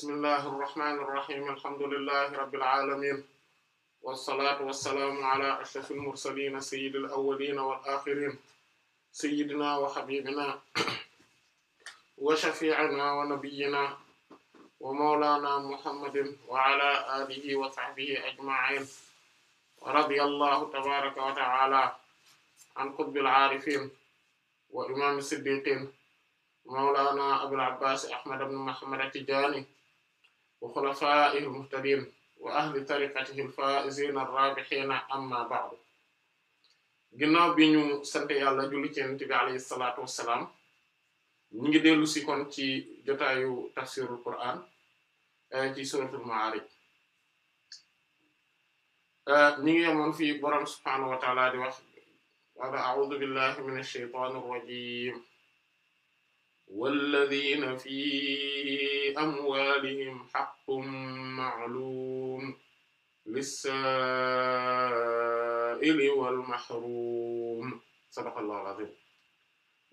bismillahi irrahmani irrahim alhamdulillahi rabbil alamin wassalatu wassalaamu ala ashrafil mursalin sayyidil awwalin wal akhirin sayyidina wa habibina wa shafi'ina wa nabiyyina wa mawlana muhammadin wa ala alihi wa sahbihi ajma'in wa radiyallahu tabaraka wa ta'ala an qutbil arifin wa imam siddiqin mawlana abul abbas ahmad ibn muhammad at-tijani wa xulafaa'ihi al wa ahli tariqatihi al-faa'iziina ar-raabihiina amma ba'du ginnaaw bi ñu sant yàlla julli ci bi alayhi salaatu wassalaam ñu ngi dellu si ci jotaayu tafsirul Qur'an eh, ci suuratul Ma'aarij eh, ñu ngi yemoon fii borom subhaanahu wa ta'aala di wax wa a'uuzu billahi minash shaytaanir rajiim walladhiina fi amwaalihim haqqun ma'luum lissaa'ili wal mahruum sadaqallaahu al-'aziim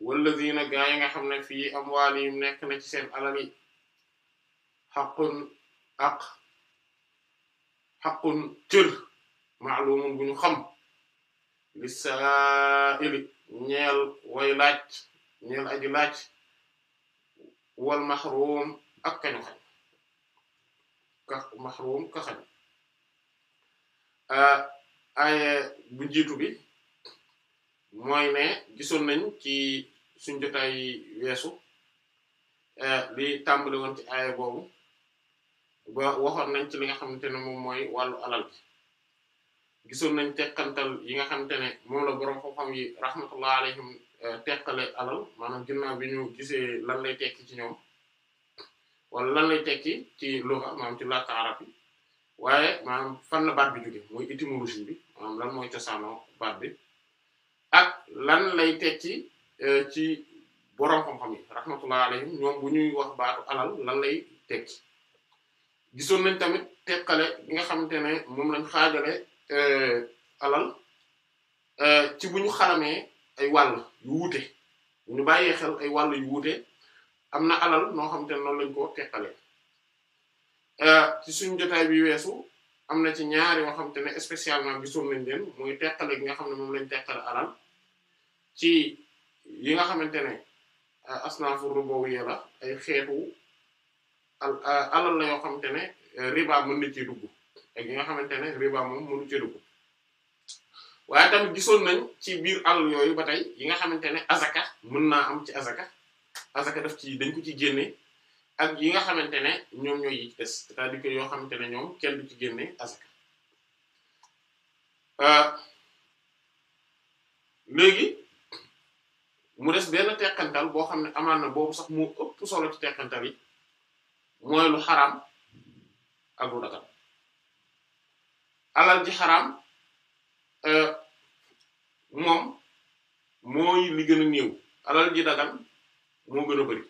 walladhiina gaa yi nga xam ne fii amwaalihim nekk na ci seen alal yi haqqun aq haqqun cër ma'luumun bu ñu xam lissaa'ili ñeel way laaj ñeel aji laaj. wal maxruum ak kañu xañ ka maxruum ka xañ euh, aaye bu jiitu bi mooy ne gisoon nañ ci suñ jotaay weesu li euh, tàmbali woon ci aaye boobu waxoon nañ ci li nga xamante ne moom mooy wàllu alal bi gisoon nañ teqantal yi nga xamante ne moom la boroom xam-xam yi rahmatullah alayhim Euh, teqale alal maanaam ginnaaw bi ñu gisee lan lay tekki ci ñoom wala lan lay tekki ci luxa maanaam ci làkk arab yi waaye maanaam fan la baat bi mooy étymologie bi maanaam lan mooy cosaano baat bi ak lan lay tekki euh, ci boroom xam-xam yi rahmatullah ñoom bu ñuy wax baatu alal lan lay tekki gisoon nañ tamit teqale bi nga xamante ne moom lañ xaajale euh, alal ci bu ñu xaramee ay wàll yu wuute ñu bàyyee xel ay wàll yu wuute am na alal noo xam te ne noonu lañ ko teqalee euh, ci suñ jotaay bi weesu am na ci ñaari yoo xam te ne spécialement gisoon nañ leen mooy teqale gi nga xam ne moom lañ teqale alal ci yi nga xamante ne euh, asnaafu ribawiyya la ay xeetu euh, alal la yoo xamante ne riba mën na ci dugg ak yi nga xamante ne riba moom mënu ci dugg waaye tamit gisoon nañ ci biir alal yooyu ba tey yi nga xamante ne azaka mën naa am ci azaka azaka daf ci dañ ko ci génne ak yi nga xamante ne ñoom ñooy yi yoo xamante ne ñoom kenn du ci génne azaka euh, léegi mu des benn teqantal boo xam ne amaan na boobu sax moo ëpp solo ci teqantal yi mooy lu xaraam ak lu dagal alal ji xaraam Euh, moom mooy li gën a alal ji dagan moo gën a bëri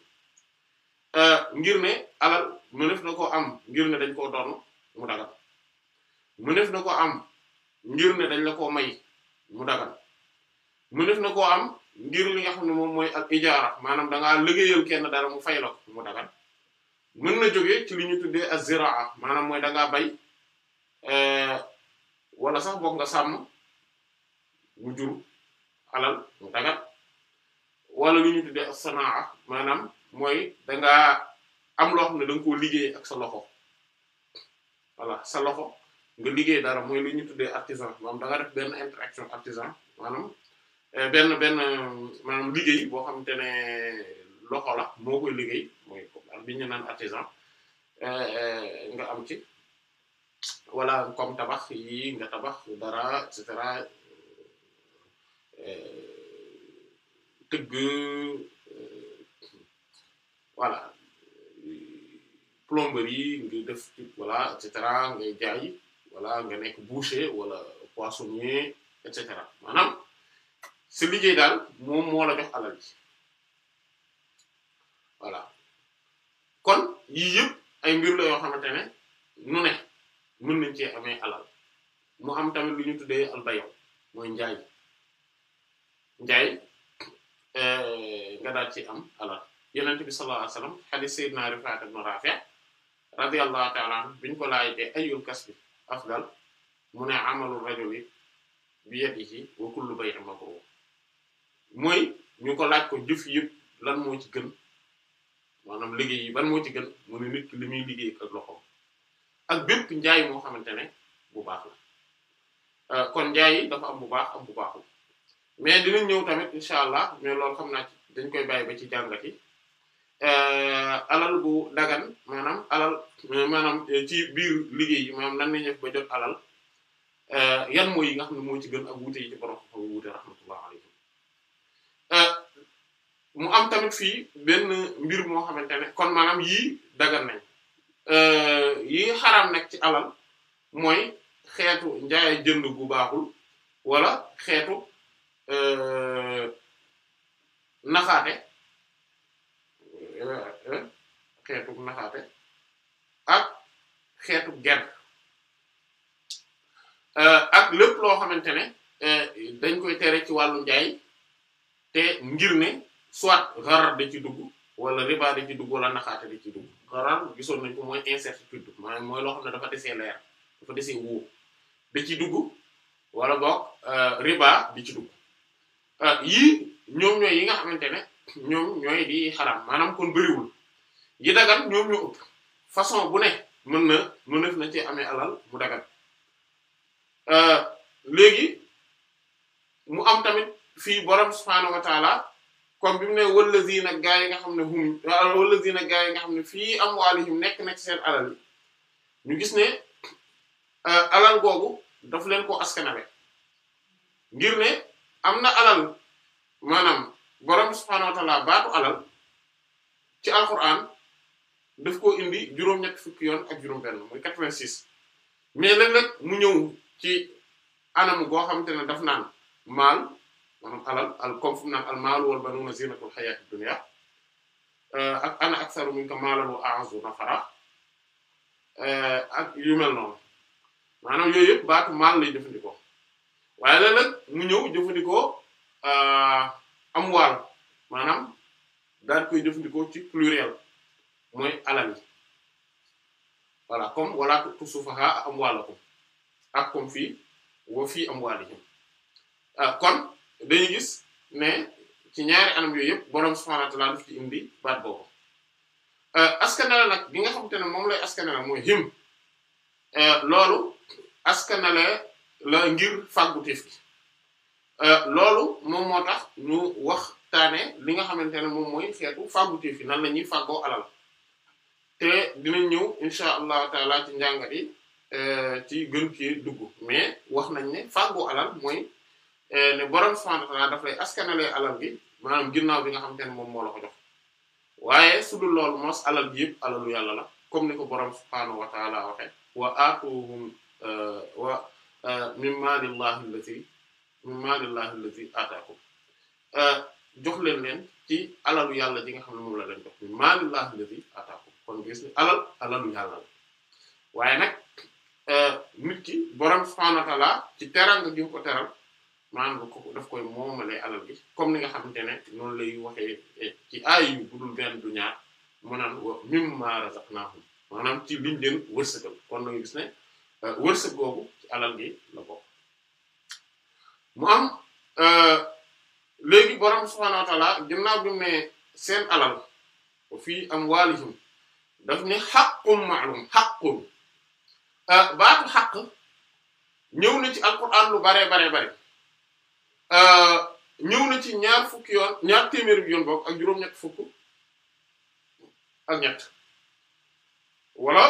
euh, ngir ne alal mëneef na koo am ngir ne dañ koo doon mu dagan mëneef na koo am ngir ne dañ la koo may mu dagan mëneef na koo am ngir li nga xam ne moom mooy ak ijaara maanaam da ngaa liggéeyal kenn dara mu fay la mu dagan mën na jógee ci li ñu tuddee az bay euh, wala sax bokk nga sàmm. bu jur alal mu dagat wala lu ñu tuddee sanaa maanaam mooy danga am loo xam ne da liggéey ak sa loxo voilà sa loxo nga liggéey dara mooy lu ñu tuddee artisan maanaam da nga def benn interaction artisan maanaam eh, benn benn liggéey boo xamante ne loxo la moo liggéey mooy bi ñu naan artisan eh, eh, nga am ci wala kom tabax yi nga tabax dara et tëgg euh, voilà plomberie yi nga def voilà et cetera ngay jaay voilà nga nekk boucher wala poissonnier et cetera maanaam sa liggéey daal moom moo la jox alal ji voilà kon yii yëpp ay mbir la yoo xamante ne nu ne amee alal mu am tamit lu ñu tuddee albayo mooy njaay njaay eh, nga daal ci am alal yonent bi sallallahu alayhi wasallam hadith sayyidina Rifaa'a ibn Raafi' radiyallahu ta'ala anhu biñ ko laajtee ayyul kasbi afdal mu ne amalu rajuli bi yadihi wa kullu bay'in mabrur mooy ñu ko laaj ko jëf yëpp lan moo ci gën maanaam liggéey ban moo ci gën mu ne nit ki li muy liggéey ak loxoom ak bépp njaay moo xamante ne bu baax la eh, kon njaay yi dafa am bu baax am bu baaxul mais dinañ ñëw tamit incha allah mais loolu xam naa ci dañ koy bàyyi ba ci jàngat yi euh, alal bu dagan maanaam alal maanaam euh, ci biir liggéey yi maanaam nan la ñuy def ba jot alal euh, yan mooy yi nga xam ne moo ci gën ak wuute yi ci borom xam wuute rahmatullah alaykum mu am tamit fii benn mbir moo xamante ne kon maanaam yii dagan nañ yi xaraam nag ci alal mooy xeetu njaay jënd gu baaxul wala xeetu. Euh, naxaate euh, xeetu naxaate ak xeetu ger euh, ak lépp loo xamante ne dañ koy tere ci wàllu njaay te ngir ne soit xarar da ci dugg wala riba da ci dugg wala naxaate da ci dugg xarar gisoon nañ ko mooy incertitude maanaam mooy loo xam ne dafa desee leer dafa desee wóor da ci dugg wala boog riba di ci dugg yii ñoom ñooy yi nga xamante ne ñoom ñooy di xaraam maanaam kon bëriwul yi dagan ñoom ñoo ëpp façon bu ne mën na mënef na ci amee alal mu dagan euh, léegi mu am tamit fii borom subhaanahu wa taala comme bi mu ne wallazina gaa yi nga xam ne hum euh, wallazina gaa yi nga xam ne fii amwaalihim nekk na ci seen alal yi ñu gis ne euh, alal googu daf leen ko askanale ngir ne am na alal maanaam borom subhaanahu wa baatu alal ci alquran daf koo indi juróom-ñett fukki yoon ak juróom-benn mooy 86 mais mu ñëw ci anam goo xamante ne daf naan maal maanaam alal al comme fu mu naan al maal wal banuuna zinatul hayaati dunya euh, ak ana aksaru minka maalan wa a'zu nafara euh, ak yu mel noonu maanaam yooyu yëpp baatu maal lay jëfandikoo. waaye nag nag mu ñëw jëfandikoo euh, am maanaam daal koy jëfandikoo ci pluriel mooy alal yi voilà comme wala tusufaha am waalakum ak comme fii wa fii am waalihim euh, kon dañuy gis ne ci ñaari anam yooyu yëpp borom subhanahu wa ta'ala indi baat boobu euh, askanale nag bi nga xamante ne moom lay askanale mooy him loolu askanale. la ngir fàggu tiif gi euh, loolu moom mo tax ñu waxtaane li nga xamante ne moom mooy xeetu fàggu tiif gi nan la ñuy fàggoo alal te dinañ ñëw incha allah taala ci njàngat yi euh, ci gën ci dugg mais wax nañ ne fàggu alal mooy euh, ne borom subhanahu wa ta'ala daf lay askanale alal gi maanaam ginnaaw bi nga xam ne moom moo la ko jox waaye su dul loolu mos alal bi alalu yàlla la comme ni ko borom subhanahu wa ta'ala waxe wa aatuhum wa min maalillahi allati min maalillahi allati ataakum jox leen leen ci alalu yàlla ji nga xam ne moom la leen jox min maalillahi allati ataakum kon gis ni alal alalu yàlla la waaye nag nit ki borom subhaanahu wa ta'aala ci teranga gi ko teral maanaam ko def koy moomalee alal bi comme ni nga xamante ne noonu lay waxee eh, ci aay yu budul benn du ñaar mu naan wa mimmaa ci liñ leen wërsëgal kon nga gis ne Euh, wërsëg boobu ci alal gi la bokk euh, léegi borom subhaanahu wa ta'aala ginnaaw seen alal fii am daf ni haqqun ma'lum haqqun euh, baatu xaq ñëw na ci alquran lu bare bare bare ñëw na ci ñaar fukki yoon ñaar téeméer bi yoon bokk ak juróom-ñett fukk ak ñett wala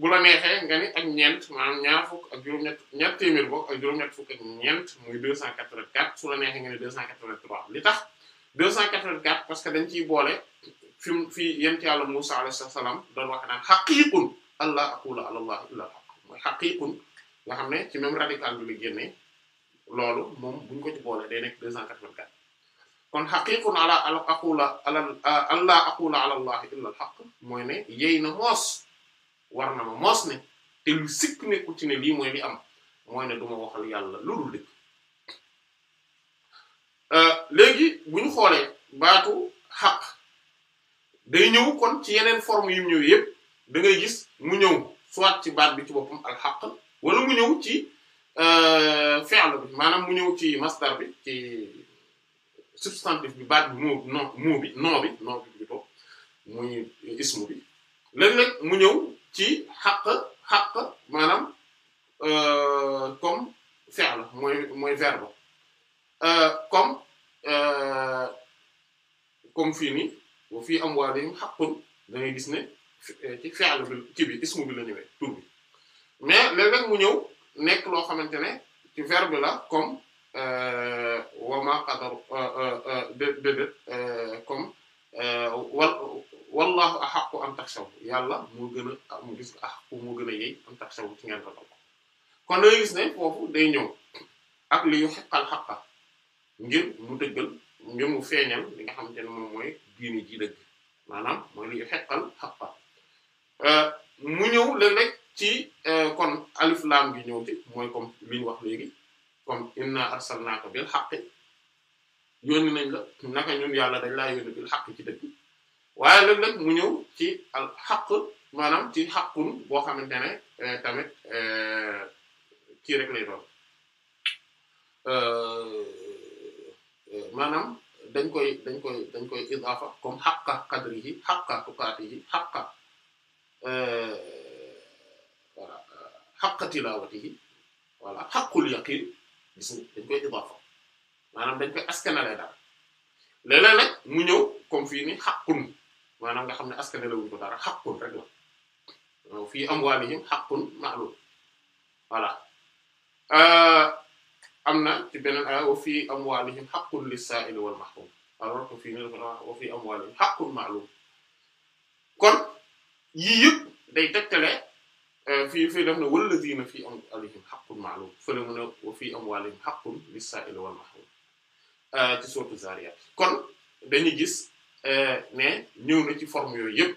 bu a neexee nga ni ak ñeent maanaam ñaar fukk ak juróom-ñett ñaar téeméer bokk ak juróom-ñett fukk ak ñeent muy 284 su la neexee nga ni 283 li tax 284 parce que dañ ciy boole fi mu fii yent yàlla Musa alayhi salaam doon wax naan haqiqun allah aqula ala allah illa al haqq mooy haqiqun nga xam ne ci même radical bi la génnee loolu moom buñ ko ci boole day nekk 284 kon haqiqun ala aqula ala allah aqula ala allah illa al haqq mooy ne yey na moos. war na ma moos ne te lu sikk nekkul ci ne lii mooy li am mooy ne duma waxal yàlla lu dul dëgg euh, léegi bu ñu xoolee baatu xaq day ñëw kon ci yeneen forme yu ñëw yëpp dangay gis mu ñëw soit ci baat bi ci boppam al xaq wala mu ñëw ci euh, fi'l bi maanaam mu ñëw ci masdar bi ci substantif bi baat bi moo non moo bi non bi non bi plutôt muy ismu bi léeg mu ñëw ci xaq xaq maanaam kom euh, fi'l mooy mooy verbe euh, comme euh, comme fii nii wa fii amwaalihim haqqun da ngay gis ne ci fi'l bi ci bi ismu bi la ñëwee tur mais léeg-léeg mu ñëw nekk loo xamante ne ci verbe la kom wa ma qadar déedéet comme wal wallahu ahaqu an taxshaw yàlla moo gën a am gis ahaqu moo gën a yey an taxshaw ci ko kon da ne foofu day ñëw ak li yu xeqal xaqa ngir mu dëggal ngir mu feeñal li nga xam ne moom mooy diini ji dëgg maanaam mooy li yu euh, mu ñëw léeg-léeg ci euh, kon alif laam gi ñëw ci mooy comme li wax léegi comme inna arsalnaaka bil haqqi yónni nañ la naka ñun yàlla dañ laa yónni bil haqqi ci dëgg waaye léeg-léeg mu ñëw ci al xaq maanaam ci xaqun boo xamante ne eh, tamit eh, kii rek lay doon eh, maanaam dañ koy dañ koy dañ koy idaafa comme xaqa qadri yi xaqa tukaati yi xaqa voilà xaqa tilaawati yi voilà xaqul yaqin gis dañ koy idaafa maanaam dañ koy askanale daal léeg-léeg mu ñëw comme fii xaqun maanaam nga xam ne askan la wuñ ko dara xàqun rek la fii amwaalihim xàqun ma'lum voilà euh, am na o beneen aaya euh, wa fii amwaalihim xàqun lis wal mahruum kon yii yëpp day tegtale euh, fii fii def na walladhiina fii amwaalihim xàqun ma'lum fële mu ne wa fii amwaalihim xàqun lis-saa'ili wal mahruum ci sourate Zariyat kon dañuy gis. ne euh, ñëw na ci forme yooyu yëpp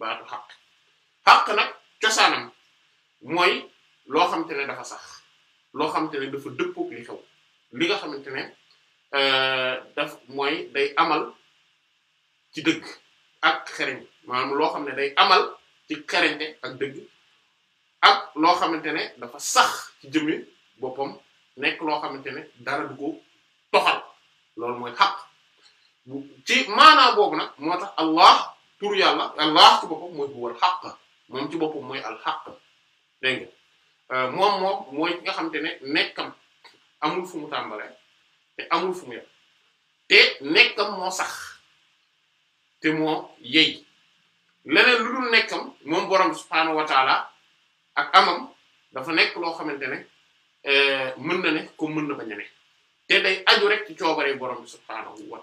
baatu xaq xaq nag cosaanam mooy loo xamante ne dafa sax loo xamante ne dafa dëppook li xew li nga xamante ne euh, daf mooy day amal ci dëgg ak xereñ maanaam loo xam ne day amal ci xereñte ak dëgg ak loo xamante ne dafa sax ci jëmmi boppam nekk loo xamante ne dara du toxal loolu mooy xaq ci maanaa boobu nag moo tax allah tur yàlla allah ci boppam mooy huwal xaq moom ci boppam mooy al xaq dégg nga euh, moom moom mooy nga xam te ne nekkam amul fu mu tàmbalee te amul fu mu yem te nekkam te moo yey leneen lu moom borom subhaanahu wa taala ak amam dafa nekk loo xamante ne euh, mën na ne kom mën na bañ a ne te day aju rek ci coobare borom subhaanahu wa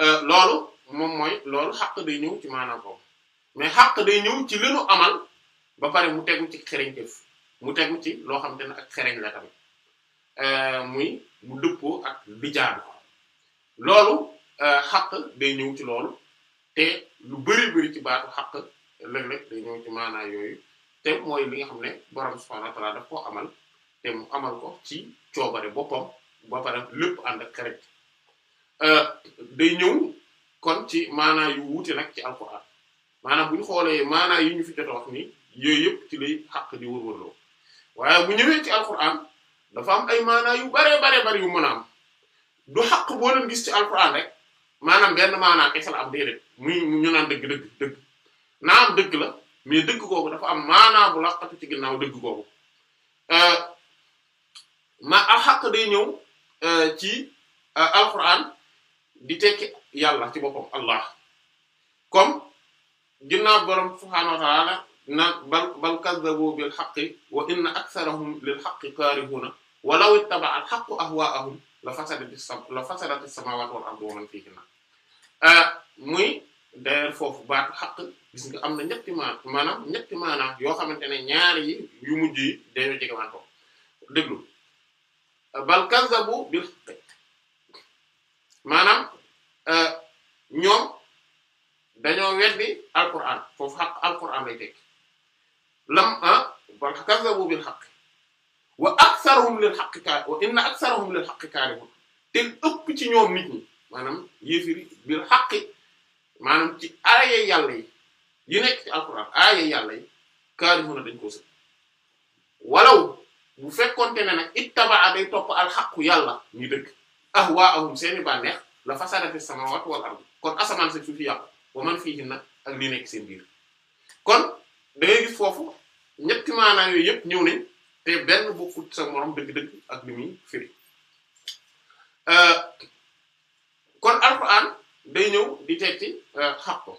Euh, loolu moom mooy loolu xaq day ñëw ci maanaam boobu mais xaq day ñëw ci li amal ba pare mu tegu ci xereñ xereñteef mu tegu ci loo xam xamante ne ak xereñ la tamit euh, muy mu dëppoo ak li loolu euh, xaq day ñëw ci loolu te lu bari bari ci baatu xaq léeg-léeg day ñëw ci maanaa yooyu te mooy li nga xam ne borom subhanahu wa koo amal te mu amal ko ci coobare boppam ba pare lépp ànd ak xereñ Euh, day ñëw kon ci maanaa yu wuute nag ci alquran maanaam bu xoolee maanaa yi ñu fi jot a wax ni yooyu yëpp ci lay xàq di wërwërloo waaye bu ñëwee ci alquran dafa am ay maanaa yu baree baree bari yu mën a du xaq boo leen gis ci alquran rek maanaam benn maanaa kese la am déedéet muy ñu naan dëgg dëgg dëgg naa am dëgg la mais dëgg kooku dafa am maanaa bu laqatu ci ginnaaw dëgg googu euh, ma a xàq day ñëw euh, ci alquran di tekki yàlla ci boppam allah comme ginnaaw borom subhaanahu wa na bal bal kazzabu bil haqqi wa inna aktharahum lil haqqi kaarihuuna walaw ittaba'a al haqqu ahwaa'ahum la fasadatis la fasadatis samaawaatu wal ardu wa man fiihinna euh, muy d'ailleurs foofu baatu xaq gis nga am na ñetti maanaam maanaam ñetti maanaam yoo xamante ne ñaari yi yu mujj yi dañoo jegewantoo déglu bal kazzabu bil haqqi maanaam euh, ñoom dañoo weddi alquran foofu xaq alquran lay tekki lam ah bal kazzabu bil xaq wa aktharuhum lil xaq kaa wa inna aktharuhum lil xaq kaarihun te ëpp ci ñoom nit ñi maanaam yéefiri bil xaqi maanaam ci aaya yàlla yi yi nekk ci alquran aaya yàlla yi kaarihun dañ koo sëg walaw bu fekkonte ne nag ittabaa day topp alxaqu yàlla ñu dëgg ahwaahum seeni bànneex la fasadati samawati wal ard kon asamaan si fi fi yàqu wa man fiihinna ak li nekk seen biir kon da gis foofu ñetti maanaa yooyu yëpp ñëw nañ te benn bokkut sa morom dëgg-dëgg ak li muy firi euh, kon alquran day ñëw di tekki euh, xaq ko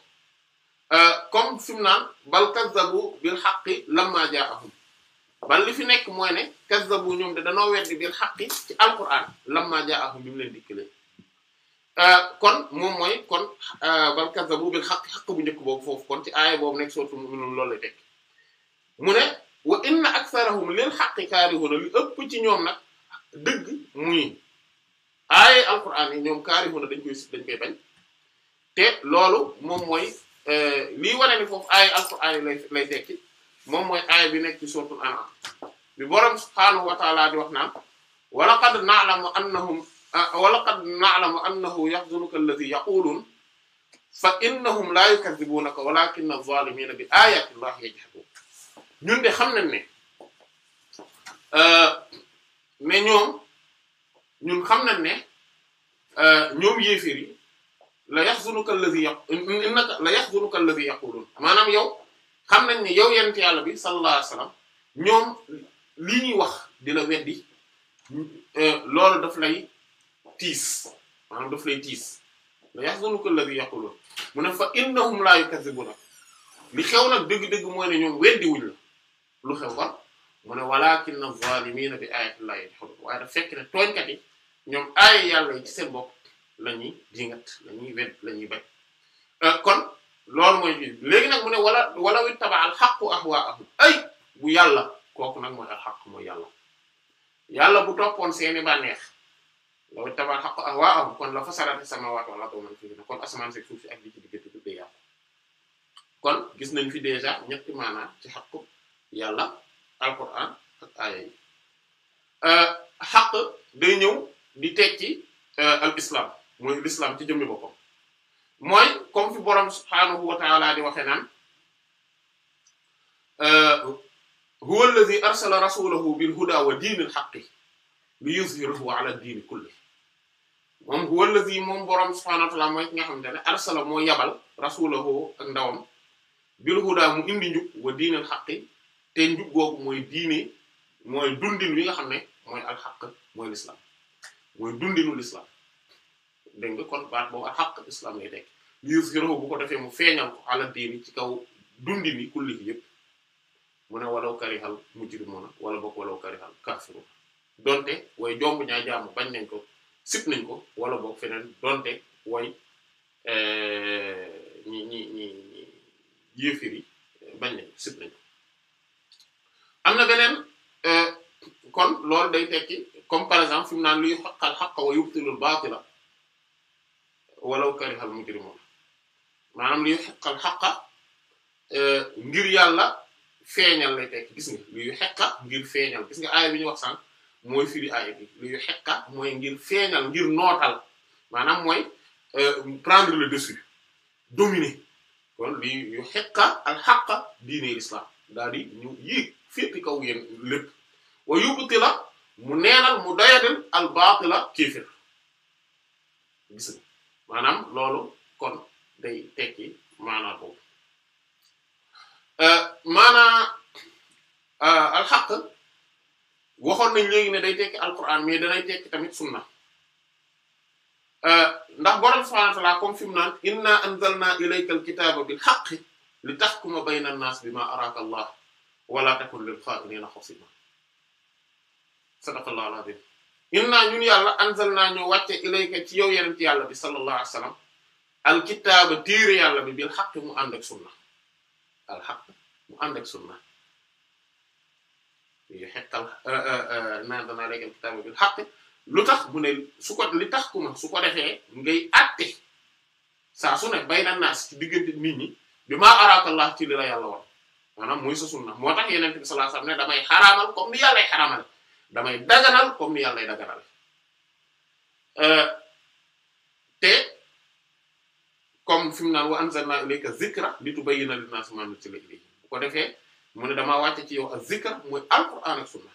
euh, comme naan bal kazzabu bil haqqi lamma jaa'ahum ban li fi nekk mooy ne kazzabu ñoom de danoo weddi bil xaqi ci alquran lamma jaahum bi mu leen dikkalee euh, kon moom mooy kon euh, bal kazzabu bil xaq xaq bu njëkk boobu foofu kon ci aaya boobu nekk soo mu'minun loolu lay mu ne wa inna aktharahum lil xaqi kaarihuuna li ëpp ci ñoom na dëgg muy aaya alquran yi ñoom kaarihuuna dañ koy dañ koy bañ te loolu moom mooy euh, lii wane ni foofu aaya alquran yi lay lay moom mooy aaya bi nekk ci suuratul an'am bi boroom subhaanahu wa ta'aala di wax naan wa laqad na'lamu annahum wa laqad na'lamu annahu yahzunuka alladhi yaqulun fa innahum la yukadhibunaka walakinna adh-dhalimina bi ayati llahi yajhadun ñun de xam nañ ne mais euh, ñoom ñun xam nañ ne euh, ñoom yéeféer yi la yahzunuka alladhi yaqulun innaka la yahzunuka alladhi yaqulun maanaam yow xam nañ ne yow yonent yàlla bi sallallahu alayhi wasallam ñoom li ñuy wax di la weddi euh, loolu daf lay tiis maanaam daf lay tiis la yahzunuka alladhi yaqulun mu ne fa innahum la yukazzibuna li xew nag dëgg-dëgg mooy ne ñoom weddi wuñ la lu xew ba mu ne walakinna zalimina bi ayatillahi yajhadun waaye daf fekk ne tooñkat yi ñoom aaya yàlla yi ci seen bopp la ñuy dingat la ñuy wedd la bañ euh, kon loolu mooy ji léegi nag mu wala wala wi tabaal xaqu ahwaahum ay bu yàlla kooku nag mooy al mooy yàlla yàlla bu toppoon seeni bànneex loolu tabaal xaqu ahwaahum kon la fasarati sama wal ardu wa man fiihinna kon asamaan si suuf ak li ci diggante du dee yàqu kon gis nañ fi déjà ñetti maanaa ci xaqu yàlla alquran ak aaya xaq euh, day ñëw di tekki euh, al mooy l'islam ci jëmmi boppam mooy comme fi borom subhaanahu wa ta'ala di waxe naan euh, huwa alladhi arsala rasulahu bil huda wa diinil haqqi li yuzhirahu ala diini kulli moom huwa alladhi moom borom subhaanahu wa ta'ala mooy ki nga xamante ne arsala moo yabal rasulahu ak ndawam bil huda mu indi njub wa diinil haqqi te njub googu mooy diine mooy dundin wi nga xam ne mooy alxaq mooy l'islam mooy dundinu l'islam dégg nga kon baat boobu ak xaq islam lay tekki yuzhiruhu bu ko defee mu feeñal ko ala diini ci kaw dundi ni kulli gi yëpp mu ne walaw karihal mujrimuna wala bokk walaw karihal kafirun donte way jomb ñaa jaamu bañ nañ ko sip nañ ko wala bokk feneen donte way eh, ñi ñi ñi ñi yéefir yi eh, bañ nañ ko sip nañ ko am na beneen eh, kon loolu day tekki comme par exemple fi mu naan luy xaqal xaqa wa yubtilul baatila walaw karihal mujrimun maanaam li yuhiqqal haqqa euh, ngir yàlla feeñal lay tekk gis nga li yuhiqqa ngir feeñal gis nga aaya bi ñu mooy firi aaya bi li yuhiqqa mooy ngir feeñal ngir nootal maanaam mooy euh, prendre le dessus dominer kon li yuhiqqa al haqqa islam daal di ñu yéeg féeti kaw yéen lépp wa yubtila mu neenal mu doyadel al baatila kéefir maanaam loolu kon day tekki maanaa boobu euh, maanaa euh, alxaq waxoon nañ ne day tekki alquran mais danay tekki tamit sunna euh, ndax borom subhanahu wa ta'ala comme fi mu naan inna anzalna ilayka alkitaba bi haqqi li tahkuma bayna an-nas bima araka allah wala takun lil kha'inina khasima sadaqa allah al innaa ñun yàlla anzal naa ñoo wàcce ilayka ci yow yenent yàlla bi sallallahu alayhi wasallam alkitaaba téere yàlla bi bil xaq mu ànd ak sunna alxaq mu ànd sunna yu xeqal euh, euh, euh, naan danaa léegi alkitaaba bil xaq lu tax bu ne su ko li tax kuma su ko defee ngay àtte bayna naas ci diggante nit ñi bi maa araakallah ci li yàlla wax maanaam mooy sa sunna moo tax yenent bi sallallahu alayhi ne damay xaraamal comme ni yàllay xaraamal damay daganal comme ni yàllay daganal euh, te comme fi mu naan wa anzalna ilayka zikra litubayyina linnaasi maa nuzzila ilayhim bu ko defee mu ne damaa wàcce ci yow a zikra mooy alquran ak sunna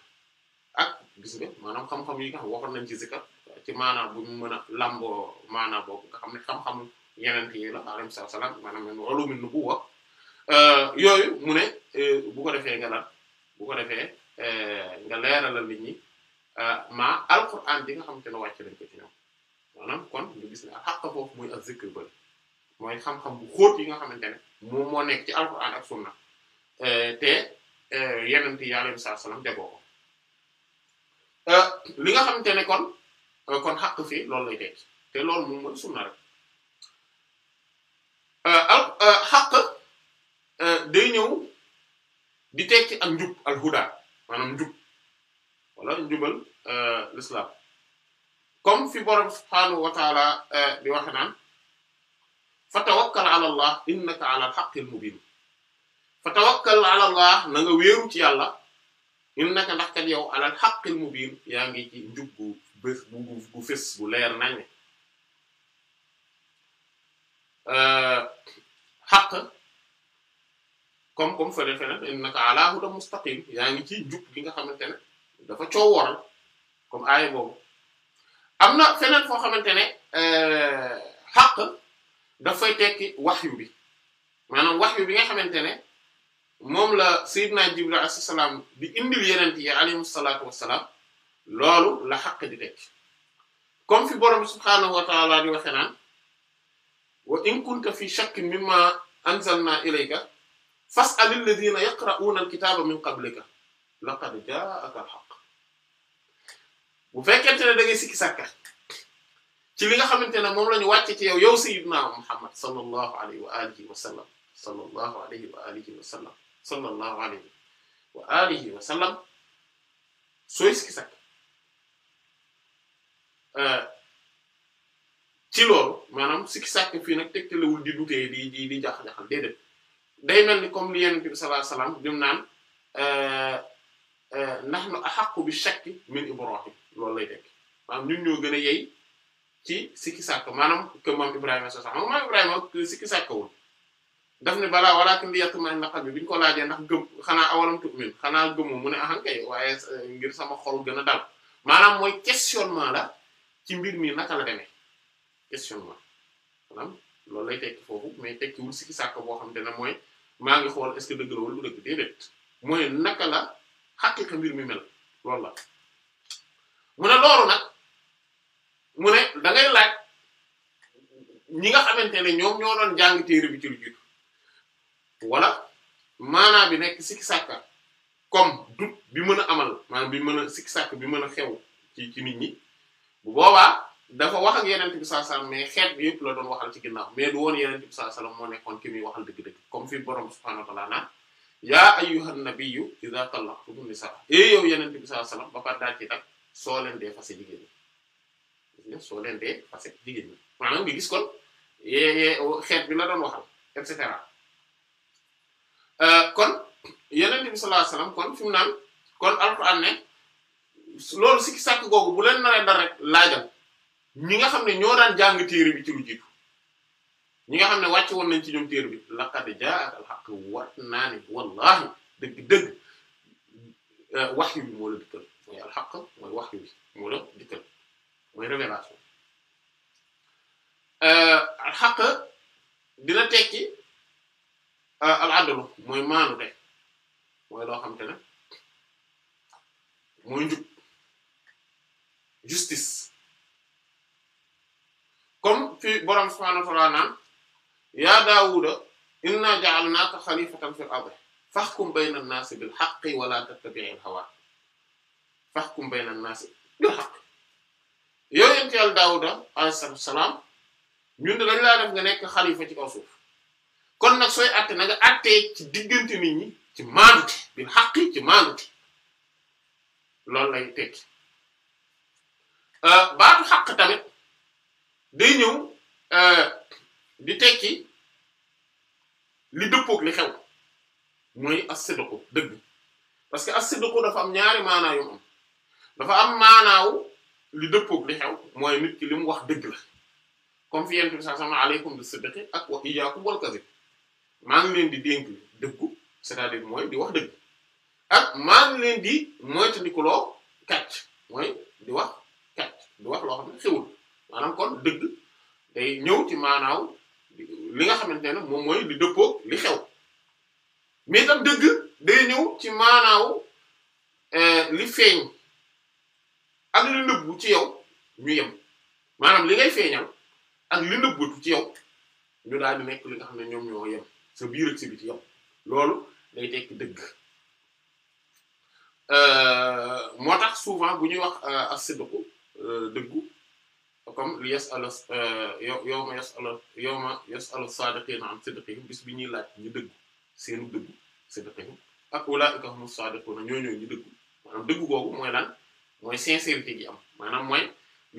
ak gis nga maanaam xam-xam yi nga xam waxoon nañ ci zikra ci maanaam bu ñu mën a lamboo maanaam boobu nga xam ne xam-xamu yeneen yi la alayhi salaam maanaam yenn ulumi nubuwwa euh, yooyu mu ne euh, bu ko defee nga lan bu ko defee. Eh, nga leeralal nit ñi eh, ma alquran bi nga xamante ne wàcc nañ ko ci ñoom kon nga ne ak xàq foofu muy ak zikr ba mooy xam-xam bu xóot yi nga xamante ne moom moo nekk ci alquran ak sunna eh, te yeneen yi yàlla sallallahu alayhi wasallam jagoo ko li nga xamante ne kon kon fi loolu lay tekki te loolu moom mooy sunna rek xàq de ñëw di tekki ak njub al maanaam njub wala njubal euh, l'islam comme fi borom subhaanahu wa taala euh, waxe naan fa tawakkal ala allah innaka ala alxaqil mubin fa tawakkal ala allah na nga wéeru ci yàlla innaka ndax kat yow ala alxaqil mubin yaa ngi ci njub gu bés bu bu fés bu leer nañ euh, comme comme feneen feneen innaka ala hudan mustaqim yaa ngi ci jukk bi nga xamante ne dafa coow waral comme aaya boobu am na feneen foo xamante ne euh, xaq dafay tekki waxyu bi maanaam waxyu bi nga xamante ne moom la Seydina Jibril alayhi salaam di indil yeneen yi alayhi salaatu wassalaam loolu la xaq di tekki comme fi borom subhaanahu wa di waxe naan wa in kunta fi shakkin mimma anzalna ilayka fas'alil ladhina yaqra'una al-kitaba min qablika laqad ja'aka al-haqq bu fekkente ne da ngay sikki sàkka ci li nga xamante ne moom la ñu wàcce ci yow yow sayyidna Muhammad sallallahu alayhi wa alihi wa sallam sallallahu alayhi wa alihi wa sallam sallallahu alayhi wa alihi wa sallam sooy sikki sàkka euh, ci loolu maanaam sikki sàkka fii nag tegtalewul di dutee di di di jaxal jaxal déedéet day mel ni comme li yonent bi sallallahu alayhi wasallam ndax mu naan euh, euh, nahnu ahaqqu bi shakki min Ibrahim loolu lay tekki maanaam ñun ñoo gën a yey ci sikki sàkk maanaam que moom Ibrahima sallallahu alayhi wasallam moom Ibrahima sikki sàkkawul daf ne balaa walaakin liyatma'inna qalbi bi ñu ko laajee ndax gëm xanaa awalam tu'min xanaa gëmoo mu ne ahankay waaye euh, ngir sama xol gën a dal maanaam mooy questionnement la ci mbir mi naka la demee questionnement maanaam loolu lay tekki foofu mais tekkiwul sikki boo xam te ne mooy maa ngi xool est-ce que dëgg la wala du dëgg déedéet mooy naka la xaqiqa mbir mi mel loolu la mu ne loolu nag mu ne da laaj ñi nga xamante ne ñoom ñoo doon jàng téere bi ci lu jiitu wala maanaa bi nekk sikki sàkka comme dut bi mën a amal maanaam bi mën a sikki bi mën a xew ci ci nit ñi boobaa dafa wax ak yeneen bi sallallahu alayhi wasallam mais xeet bi yëpp la doon waxal ci ginnaaw mais du woon yeneen bi sallallahu alayhi moo nekkoon ki muy waxal dëgg-dëgg comme fi borom subhaanahu wa ta'aala naan yaa ayyuhan nabiyyu idhaa tallaqtumun nisaa eh yow yeneen bi sallallahu alayhi wasallam ba pare daal ci nag soo leen dee fase jigéen jigéen ñi maanaam nga gis kon xeet bi la doon waxal et cetera euh, kon yeneen bi sallallahu alayhi kon fi mu naan kon alxuraan ne loolu si sàkk googu bu leen naree dara rek laajal. ñi nga xam ne ñoo daan jàng téere bi ci lu jiitu ñi nga xam ne wàcc woon nañ ci ñoom téere bi laqad jaa'ak al-haqq war naa ne wallaahi dëgg-dëgg euh, waxyu bi moo la dikkal mooy al-haqq bi moo la euh, dina tekki euh, al-adlu mooy maanu mooy loo xam te ne mooy njub justice comme fi borom subhaanahu wa ta'aala naan yaa Daawuda inna ja'alnaaka xalifatan fil ardi fahkum bayna naasi bil haqqi wa laa tattabi'il hawaa fahkum bayna naasi bil haqqi yow yent yàlla Daawuda alayhi salaam ñun de lañ laa def nga nekk xalifa ci kaw kon nag sooy àtte na nga àttee ci diggante nit ñi ci maanute bil haqqi ci maanute loolu lay tekki euh, baatu xaq tamit. day ñëw euh, di tekki li dëppook li xew mooy as-sidqu dëgg parce que as dafa am ñaari maanaa am dafa am maanaaw li dëppook li xew mooy nit ki li mu wax dëgg la comme fi yentu bi sallallahu alayhi aleykum bis-sidqi ak wa iyyaakum wal kadhib maa ngi leen di dénk dëggu c'est-à-dire mooy di wax dëgg ak maa leen di moytandikuloo kàcc mooy di wax kàcc di wax loo xam xewul maanaam kon dëgg day ñëw ci maanaaw li nga xamante ne moom mooy li dëppoo li xew mais dëgg day ñëw ci maanaaw euh, li feeñ ak li nëbbu ci yow ñu yem maanaam li ngay feeñal ak li nëbbatu ci yow daal di nekk li nga xam ne ñoom ñoo yem sa biir ak sa biti loolu day tekki dëgg euh, moo tax souvent bu ñuy wax euh, as-sidqu dëggu comme li yes alo euh, yow ma yes alo yow ma yes alo saadiqiina an sidqihim bis bi ñuy laaj ñu dëggu seenu dëggu sidqihim ak ulaa'ika humu saadiquuna ñooñoo ñu dëggu maanaam dëggu googu mooy lan mooy sincérité gi am maanaam mooy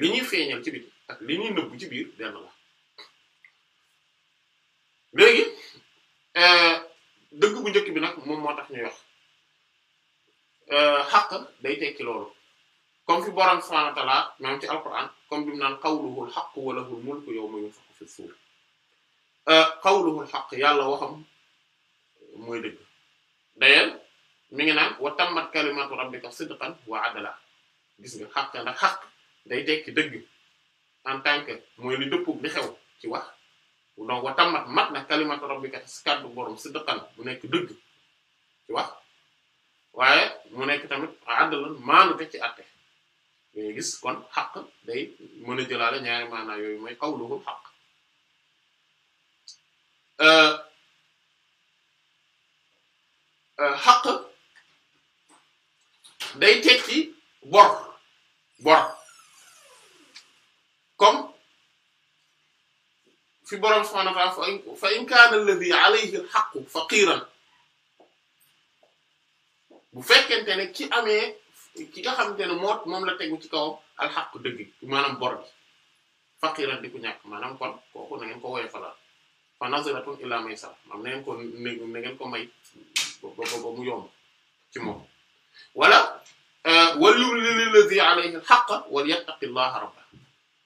li ñuy feeñal ci biti ak li ñuy nëbbu ci biir benn la léegi euh, dëgg bu njëkk bi nag moom moo tax ñuy wax euh, xaq day tekki loolu comme fi borom subhaanahu wa ci alquran comme bi mu naan qawluhul haqqu wa lahul mulku yawma yunfakhu fi suur euh, qawluhul yàlla waxam mooy dëgg d'ailleurs mi ngi naan wa tammat kalimatu rabbika sidqan wa adla gis nga xaq ndax xaq day tekki dëgg en tant que mooy li dëppoo li xew ci wax donc wa tammat mat na kalimatu rabbika si kàddu borom sidqan bu nekk dëgg ci wax waaye mu nekk tamit adlan maanute ci àtte dañuy gis kon xaq day mën a jëlaale ñaari maanaa yooyu mooy qawluhu xaq euh, euh, xaq day tekki bor bor comme fi boroom subhaanahu wa ta'aala fa in kaana alladhi alayhi al-haqqu faqiran bu fekkente ne ki ki nga xamante ne moo moom la tegu ci kawam alxaq dëgg maanaam bor bi di ko ñàkk maanaam kon kooku na ngeen ko woye falal fa naziratun ila maysara maanaam na ngeen ko may ba mu yomb ci moom wala euh, walyumli lillazi alayhi alxaq wal yattaqi llaha rabba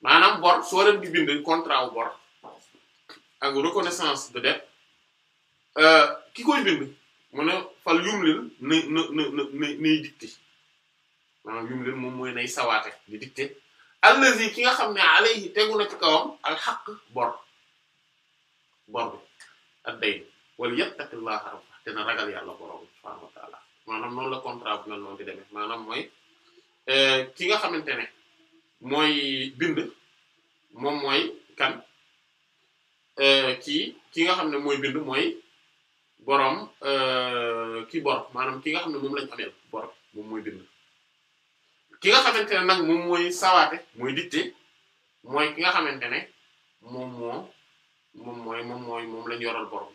maanaam bor soo leen di bind contrat wu bor ak reconnaissance de dette euh, ki koy bind mu ne fal yumlil na na na na nay dikti maanaam yu leen moom mooy nay sawaate di dicté allazi ki nga xam ne alayhi tegu na ci kawam alxaq bor bor bi ak day wala yattaqillaha rabba te na ragal yàlla borom subhaanahu wa taala maanaam la contrat bu mel noonu di demee maanaam mooy eh, ki nga xamante ne mooy bind moom mooy kan eh, kii ki nga xam ne mooy bind mooy borom eh, ki bor maanaam ki nga xam ne moom lañ ameel bor moom mooy bind ki nga xamante ne nag moom mooy sawaate mooy dictée mooy ki nga xamante ne moom moo moom mooy moom mooy moom lañ yoral borom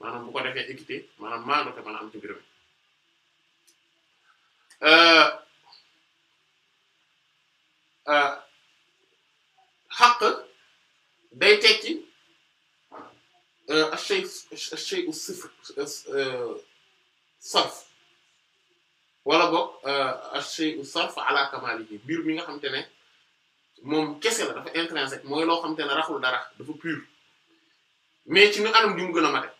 maanaam bu ko defee équité maanaam maandu te mën a am ci mbir mi euh, euh, xaq day tekki euh, shay shay u sif sarf wala boog euh, ash-shay'u sarf ala kamalihi mbir mi nga xamante ne moom kese la dafa intrinsèque mooy loo xamante ne raxul dara dafa pur mais ci nu anam bi mu gën mate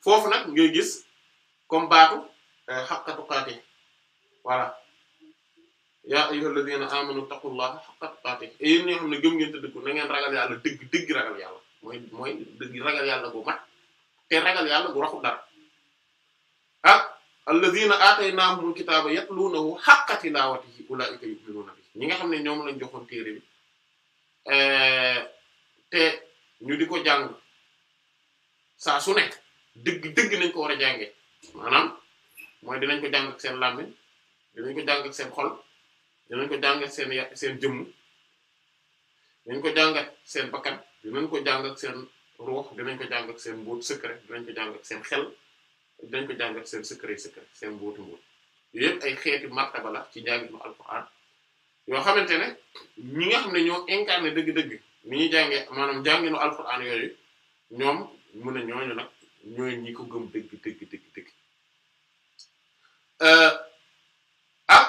foofu nag ngay gis comme baatu haqqa euh, tuqaatihi voilà yaa ayyuhal ladhina amanu taqullaha haqqa tuqaatihi et yéen yàlla dëgg dëgg ragal yàlla mooy dëgg ragal yàlla gu mat te ragal yàlla gu raxul dara ah, na alladhina aataynahumul kitaaba yatluunahu haqqa tilaawatihi ulaa'ika yu'minuuna bihi ñi nga xam ne ñoom lañ joxoon téere bi eh, te ñu di ko jàng saa su nekk dëgg dëgg nañ ko war a jàngee maanaam mooy dinañ ko jàng ak seen làmmiñ dinañ ko jàng ak seen xol dinañ ko jàng ak seen seen jëmm dinañ ko jàng ak seen bakkan dinañ ko jàng ak seen ruux dinañ ko jàng ak seen mboot secret dinañ ko jàng seen xel dañ ko jàngat seen secret secret seen mbuutu mbuut yooyu yëpp ay xeeti martaba la ci njàngit mu alquran yoo xamante ne ñi nga xam ne ñoo incarné dëgg-dëgg ni ñuy jàngee maanaam jànginu alquran yooyu ñoom mun a ñooñu nag ñooy ñi ko gëm dëgg dëgg dëgg dëgg ah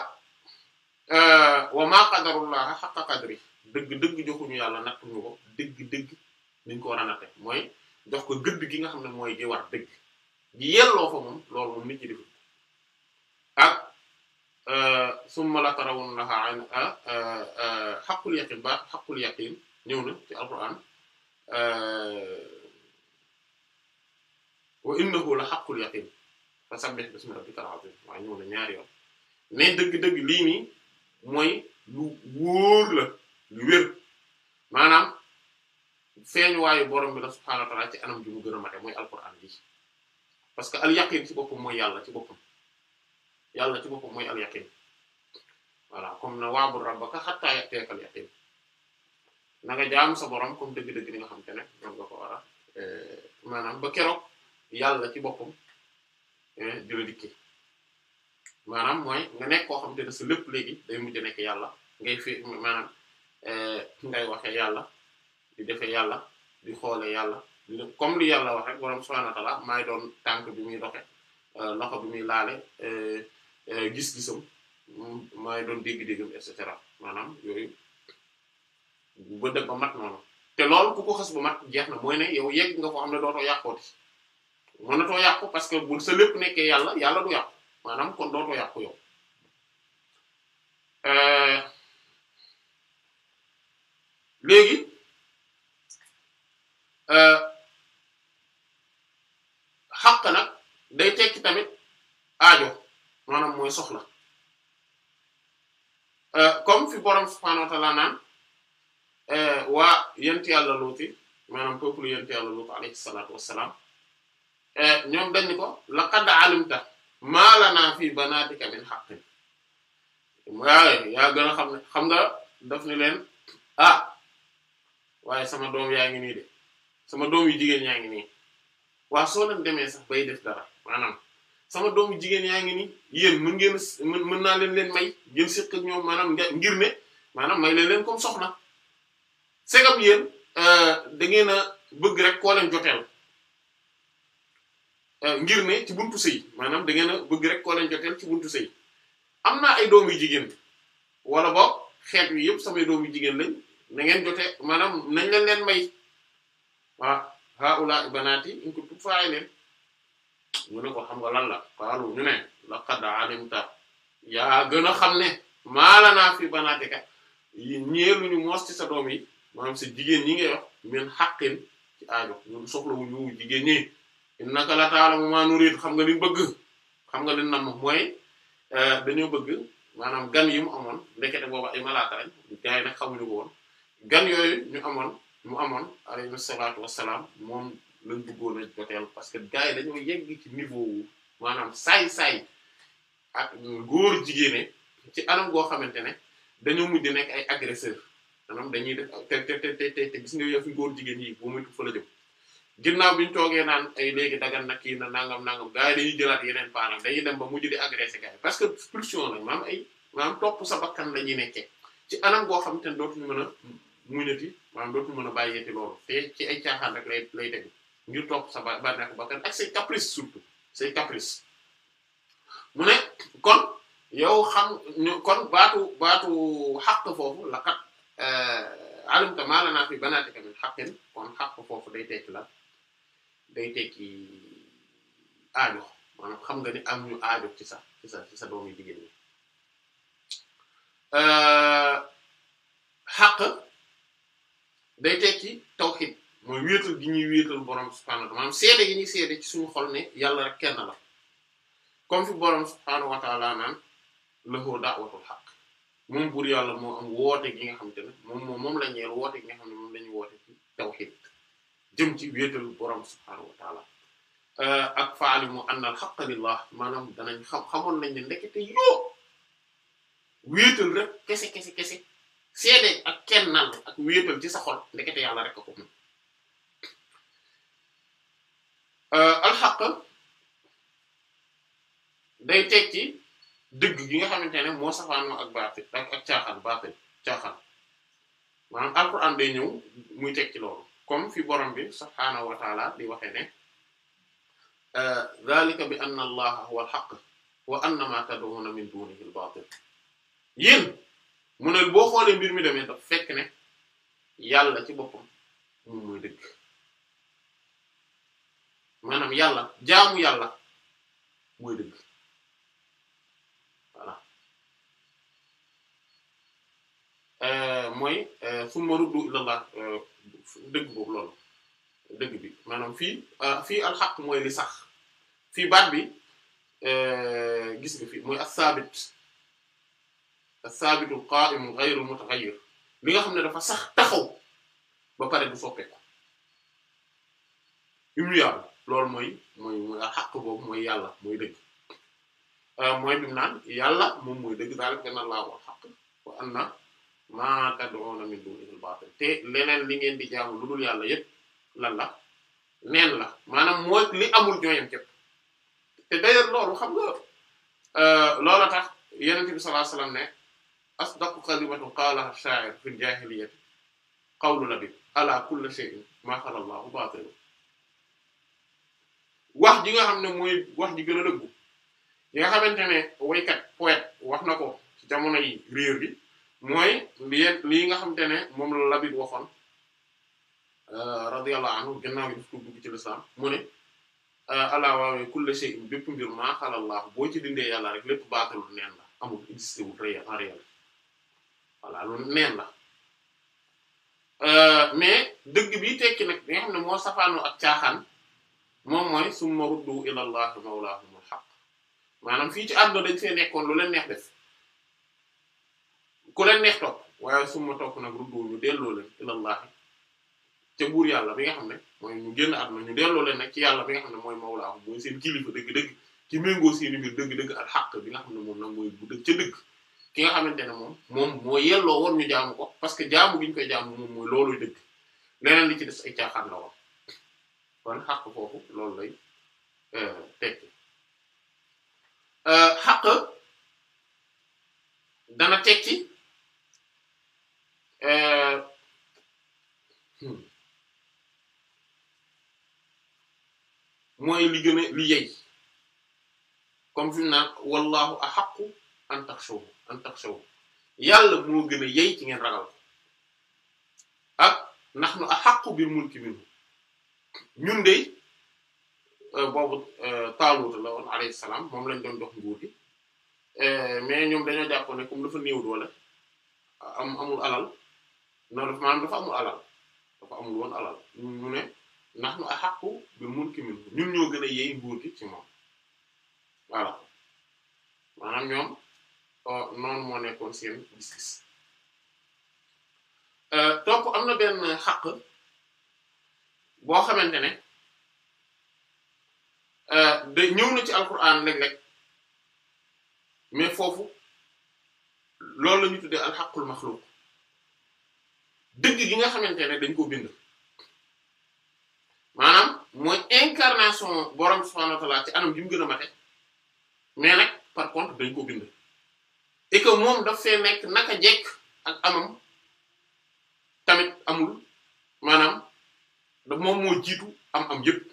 wa ma qadarullaha haqqa qadri dëgg dëgg joxuñu yàlla nattuñu ko dëgg dëgg niñ ko war a natte mooy jox ko gëdd gi nga xam ne mooy gi war dëgg gi yelloo fa moom loolu moom nit ci def ak euh, summa la tarawunnaha an ah, euh, euh, haqqul yaqin ba haqqul yaqin ñëw na ci alquran wa innahu la haqqul yaqin fasabbih bismi rabbikal azim waaye ñëw na ñaari yoo mais dëgg-dëgg lii nii mooy lu wóor la lu wér maanaam feeñ waayu borom bi la subhaanahu wa ta'aala ci anam ju mu gën a mate mooy alquran bi parce que al yaqin ci boppam mooy yàlla ci boppam yàlla ci boppam mooy al yaqin voilà na waabul rabbaka hatta ya'tiyaka al yaqin na nga jaam sa borom comme dëgg-dëgg li nga xam te ne nga ko war eh, maanaam ba keroog ci boppam eh, di nga nekk xam te ne sa lépp léegi day mujj nekk yàlla ngay fi maanaam eh, ngay waxee yàlla di defee yàlla di xoole yàlla comme li yàlla wax rek borom subhaanahu wa ta'aala doon tànk bi muy doxe euh, loxo bi muy laale euh, euh, gis-gisam maay doon dégg-déggam et cetera maanaam yooyu ba dëgg ba mat noonu te loolu ku ko xas bu mat jeex na mooy ne yow yegg nga ko xam ne dootoo yàqooti mënatoo yàqu parce que bu sa lépp nekkee yàlla yàlla du yàqu maanaam kon dootoo yàqu yow léegi. xaq nag day tekki tamit aajo maanaam mooy soxla euh, comme fi borom subhaanahu wa ta'aala naan euh, waa yent yàlla luuti maanaam peuple yent yàlla luuti alayhi salaatu wassalaam euh, ñoom dañ ko laqad alimta maa lanaa fii banaatika min haqqin waaye yaa xam ne xam nga daf ni leen ah sama doom yaa ngi nii de sama doom yu jigéen yaa ngi waaw soo leen demee sax bay def dara maanaam sama doomu jigéen yaa ngi nii yéen mën ngeen mën naa leen leen may ngeen seq ak ñoom maanaam ngir ne maanaam may leen leen comme soxna segam yéen euh, da a bëgg rek koo leen joteel euh, ngir ne ci buntu sëy maanaam da ngeen a bëgg rek koo leen joteel ci buntu sëy am na ay doom yu jigéen wala boog xeet wi yëpp samay doom jigéen lañ na ngeen jote maanaam nañ leen leen may waaw haa'ulaa'i banaati in kuntum faa'ileen mu ne ko xam nga lan la qaalu ñu ne laqad alimta yaa gën a xam ne maa lanaa fii banaatika ñeeluñu moos ci sa doom yi maanaam si jigéen ñi nga yox min haqqin ci aajo ñun soxlawuñu jigéen ñi innaka la ta'lamu maa nuriid xam nga li bëgg xam nga li nam mooy eh, dañoo bëgg maanaam gan yi mu amoon ndekete booba ay malaaka lañ gaay nag xamuñu ko woon gan yooyu ñu amoon mu amoon alayhi salaatu wassalaam moom lañ bëggoon a joteel parce que gars yi dañoo yegg ci niveau wu maanaam saay-saay ak góor jigéene ci anam goo xamante ne dañoo mujj nekk ay agresseur maanaam dañuy def te te te te te gis nga góor jigéen yi boo moytu fa la jëm ginnaaw bi ñu toogee naan ay léegi dagan na kii na nangam nangam gars yi dañuy jëlaat yeneen paanam dañuy dem ba mujj di agressé gars yi parce que pulsion la maanaam ay maanaam topp sa bakkan la ñuy nekkee ci anam goo xam ne dootuñu a muñati maanaam dootul mën a bàyyeeti loolu te ci ay rek lay lay tegu ngir topp sa bànneexu bakkan ak say caprice surtout say caprice mu ne kon xam xaq foofu day tekki la day tekki xam nga ni am ñu aajo ci sa ci sa ci sa doomu day tekki tawhid mooy wéetal gi ñuy wéetal borom subhanahu wa ta'ala ci suñu ne yàlla rek kenn la comme fi borom subhanahu naan lahu da'watul haqq moom buur yàlla moo am woote gi nga xamante ne moom moom moom la ñeel woote gi nga xam ne moom lañu ñu woote jëm ci wéetal borom subhanahu wa ta'ala ak faalimu anna al-haqqa danañ xam xamoon nañ ne ndekete yoo wéetal rek kese kese kese. seede ak kennal ak wéetal ci sa xol ndekete yàlla rek a ko mën euh, alxaq day tekki dëgg gi nga xamante ne moo safaanoo ak baatil ak ak caaxaan baatil caaxaan maanaam ñëw muy tekki loolu comme fi borom bi subhaanahu di waxee ne dalika euh, bi anna allaha huwa alxaq wa anna ma tad'una min dunihi al baatil yéen mu ne boo xoolee mbir mi demee daf fekk ne yàlla ci boppam moom mooy dëgg maanaam yàlla jaamu yàlla mooy dëgg voilà euh, mooy euh, summa ruddu ilallah euh, dëgg boobu loolu dëgg bi maanaam fii fii alxaq mooy li sax fii baat bi gis nga fii mooy as-sabit as-saabitu qaa'imun ghayru mutaghayyir li nga xam ne dafa sax taxaw ba pare du soppeeku immuable loolu mooy mooy mooy xaq boobu mooy yàlla mooy dëgg euh, mooy bi mu naan yàlla moom mooy dëgg zaalika anna Allaaha al-haqq wa anna maa tad'uuna min duunihi al-baatil te leneen li ngeen di jaamu lu dul yàlla yépp lan la neen la maanaam mooy li amul ñooyam képp te d'ailleurs loolu xam nga euh, loola tax Yonent bi sallallaahu wa sallam ne. asdaqu kalimatin qaalaha ash-shaa'ir fi al-jaahiliyyati qawlu nabi ala kulli shay'in maa xalaa Allahu baatil wax ji xam ne mooy wax ji gën a yi nga xamante ne waykat poète wax na ko ci jamono yi réer bi mooy liyet lii nga xamante ne moom la Labid waxoon euh, radiyallahu anhu gannaaw yi daf ko dugg ci lislaam mu ne euh, ala waawee kulli shay'in bépp mbir maa xalaa Allahu boo ci dindee yàlla rek lépp baatil neen la amul existé wul réel en réel voilà loolu neen la euh, mais dëgg bi tekki nag bi nga xam ne moo safaanoo ak caaxaan moom mooy summa ruddu ila allahi mawlaahumul haqq maanaam fii ci àdduna dañ see nekkoon lu leen neex def ku leen neex topp waaye summa topp nag ruddu ñu delloo leen ila allahi te buur yàlla bi nga xam ne mooy ñu génn àdduna ñu delloo leen nag ci yàlla bi nga xam ne mooy mawlaahum mooy seen kilifa dëgg-dëgg ci méngoo seeni mbir dëgg-dëgg al haqq bi nga xam ne moom nag mooy bu dëgg ca dëgg ki nga xamante ne moom moom moo yelloo woon ñu jaamu ko parce que jaamu giñ koy jaamu moom mooy loolu dëgg leneen li ci des ay caaxaan la woon kon xaq foofu loolu lay euh, tekki euh, dana tekki euh, hmm. mooy li gën a li naan wallahu axaqu an taxshuhu an taxshaw yàlla moo gën a yey ci ngeen ragal ko ak nahnu ahaqqu bil mulki minhu ñun de euh, boobu euh, Taalut la woon alayhi salaam moom lañ doon jox nguur gi euh, mais ñoom dañoo jàpp ne comme dafa néew doole am amul alal non dafa maanaam dafa amul alal dafa amul woon alal ñu ne nahnu ahaqqu bil mulki minhu ñun ñoo gën a yey nguur gi ci moom voilà maanaam ñoom. noonu moo nekkoon seen gis-gis euh, donc am na benn xaq boo xamante ne euh, da ñëw na ci alquran léeg-léeg mais foofu loolu la ñu tuddee alxaqul maxluq dëgg gi nga xamante ne dañ ko bind maanaam mooy incarnation borom subhanahu wa ta'ala ci anam bi gën a mate mais nag par contre dañ ko bind et que moom daf fee nekk naka jekk ak amam tamit amul maanaam moom moo jiitu am-am yépp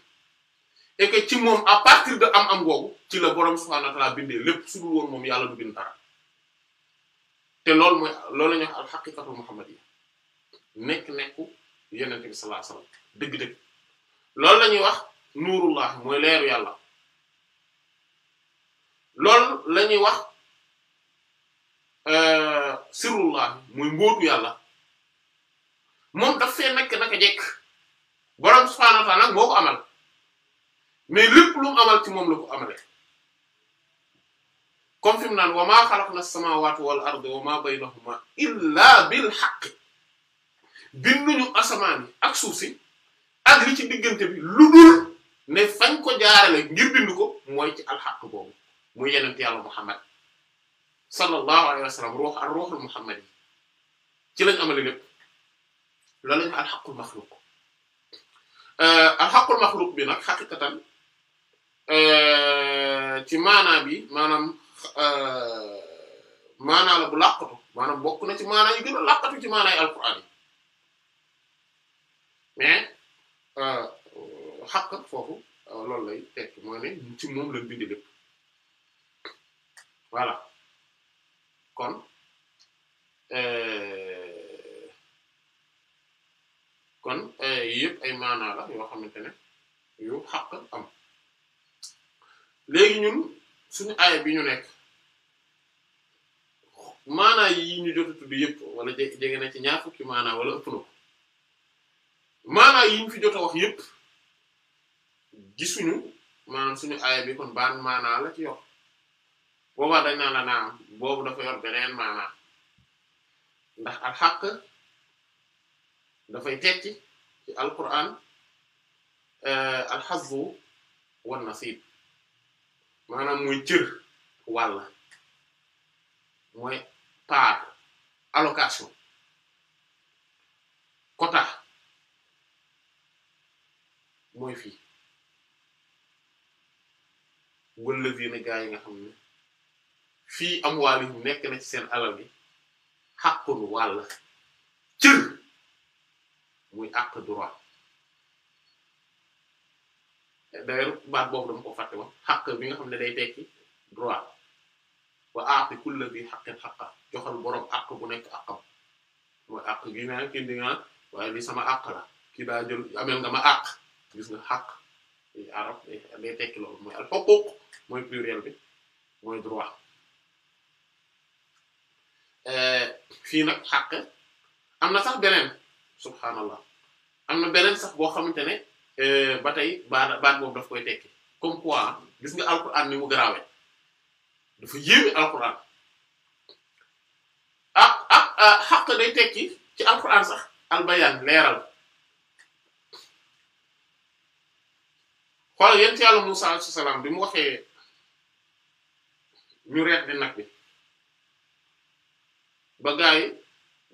et ci moom à partir am-am googu ci la borom subhaanahu wa ta'aala bindee lépp su woon moom yàlla du bind dara te loolu mooy loolu la wax al-haqiqatu nekk nekku yonent bi sallallahu alayhi dëgg-dëgg loolu lañuy wax nuurullah mooy leeru yàlla loolu la wax. Euh, sirullah muy mbóotu yàlla moom daf fee nekk naka jekk borom subhaanahu wa moo ko amal mais lépp lu amal ci moom la ko amale comme fi mu naan wa maa xalaqna as-samaawaati wal arda wa maa baynahumaa illaa bil haqq binduñu asamaan yi ak suuf si ak li diggante bi lu dul ne fañ ko jaarale ngir bind ko mooy ci alxaq boobu muy yenent yàlla Muhammad sallallahu alayhi wa sallam ruux ak ruuxul muhammadi ci lañ amale lépp loolu lañ alxaqul maxluq euh, alxaqul maxluq bi nag xaqiqatan euh, ci maanaa bi maanaam euh, maanaa la bu làqatu maanaam bokk na ci maanaa yu gën a làqatu ci maanaa yi alquran yi mais xaq foofu loolu lay tekk mooy ci moom lañ bind lépp voilà kon e, kon e, yëpp ay maanaa la yoo xamante ne yu xaq am léegi ñun suñu aaya bi ñu nekk maanaa yi ñu jot wala jege na ci ñaar fukki maanaa wala ëpp na ko maanaa yi ñu fi jot wax yëpp gisuñu maanaam suñu aaya bi kon baan maanaa la ci yokk boobaa dañ naa naam boobu dafa yor beneen maanaam ndax al xaq dafay tekki ci alquran al hazzu eh, wan nasib maanaam mooy cër wàll mooy part allocation quota mooy fii wëllëg yi ne gaa nga xam ne fii am waali bu nekk na ci seen alal bi xàqul wàll cër muy àq droit d'ailleurs baat boobu dama ko fàtte woon bi nga xam ne day tekki droit wa aati kulla bi xaqin xaqa joxal boroom àq bu nekk àqam mooy àq gi naan kii di waaye li sama àq la kii daa jël amel nga ma àq gis nga xàq arab day tekki loolu mooy al xuquq mooy pluriel bi mooy droit Eh, fii nag xaq am na sax beneen subhaanallah am na beneen sax boo xamante ne eh, ba tey baat baat boobu daf koy tekki comme quoi gis nga alquran ni mu garaawee dafa yéeme alquran ah, ah ah xàq day tekki ci alquran sax albayaan leeral xool yent yàlla Musaa alayhi salaam bi mu waxee ñu reet di nag bi ba gars yi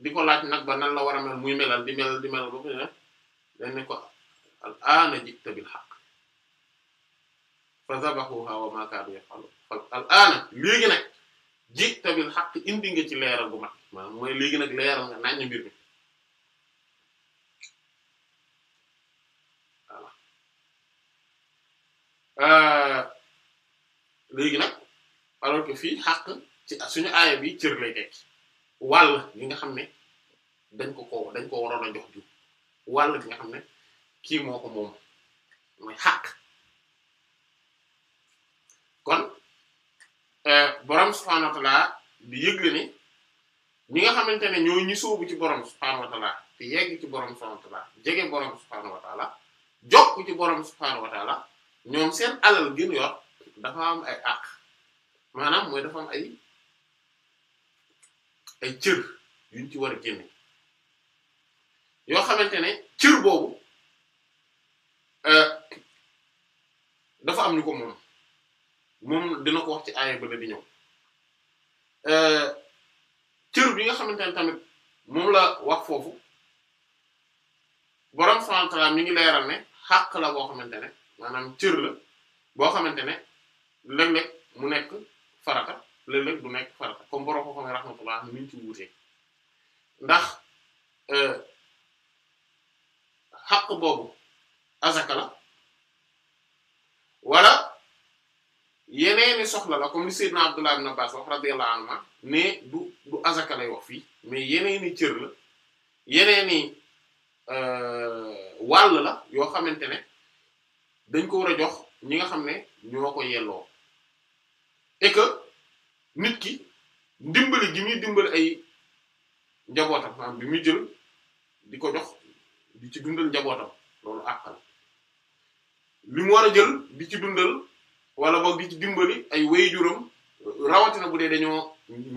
di nag ba nan la war muy melal di melal di melal ba mu ne dañ ne ko al aana jikta bil haqq fa zabahuha wa ma kaadu al aana léegi nag jikta bil haqq indi nga ci leeral bu mat maanaam mooy léegi nag leeral nga naññ mbir mi euh, léegi nag alors que fii xàq ci suñu aaya bi cër lay wàll yi nga xam ne dañ ko ko dañ ko waroon jox jiw wàll bi nga xam ne kii moo ko moom mooy xàq kon euh, boroom subhaanahu wa ta'aala yëgle ni ñi nga xamante ne ñoo ñi sóobu ci borom subhaanahu wa ta'aala te yegg ci borom subhaanahu wa ta'aala jege borom subhaanahu wa ta'aala jokk ci boroom subhaanahu wa ñoom seen alal gën yor dafa am ay àq maanaam mooy dafa am ay. ay cër yuñ ci war a génne yoo xamante ne cër boobu euh, dafa am ñu ko moom moom dina ko wax ci aaya ba di ñëw euh, cër bi nga xamante ne tamit moom la wax foofu borom subhanahu wa ta'ala mi ngi leeral ne xàq la boo xamante ne maanaam cër la boo xamante ne léeg-léeg mu nekk farata. léeg-léeg du nekk farata comme borom ko xamee rahmatullah ni ñu ci wuutee ndax euh, xaq boobu azaka la wala yeneeni soxla la comme li Seydina Abdullah ibn Abbas wax radiyallahu anhu ne du du azaka lay wax fii mais yeneeni cër la yeneeni euh, wàll la yoo xamante ne dañ ko war a jox ñi nga xam ne ñoo ko yelloo et nit ki ndimbali gi muy dimbali ay njabootam maanaam bi muy jël di ko jox di ci dundal njabootam loolu àq la war a jël di ci dundal wala boog di ci dimbali ay waajuram rawatina bu dee dañoo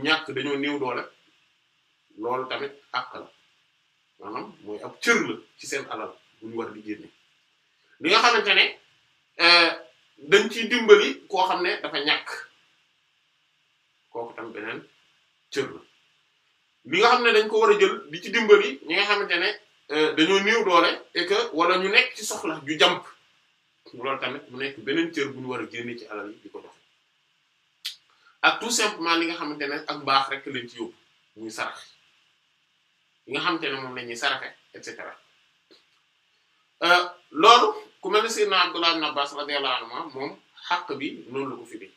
ñàkk dañoo néew doole loolu tamit àq la maanaam mooy ab cër la ci seen alal bu ñu war di génne li nga xamante ne eh, dañ ciy dimbali koo xam ne dafa ñàkk. kooku tam beneen cër la li nga xam ne dañ ko war a jël di ci dimbali ñi nga xamante ne euh, dañoo néew doole et que ñu nekk ci soxla ju jàmp loolu tamit mu nekk beneen cër bu ñu war a génne ci alal yi di ko jox ak tout simplement li nga xamante ne ak baax rek leen ci yóbbu muy sarax yi nga xamante ne moom la ñuy saraxe et cetera euh, loolu ku mel ne Seydina Abdullah ibn Abbas radiyallahu anhu moom xaq bi noonu la ko fi dee.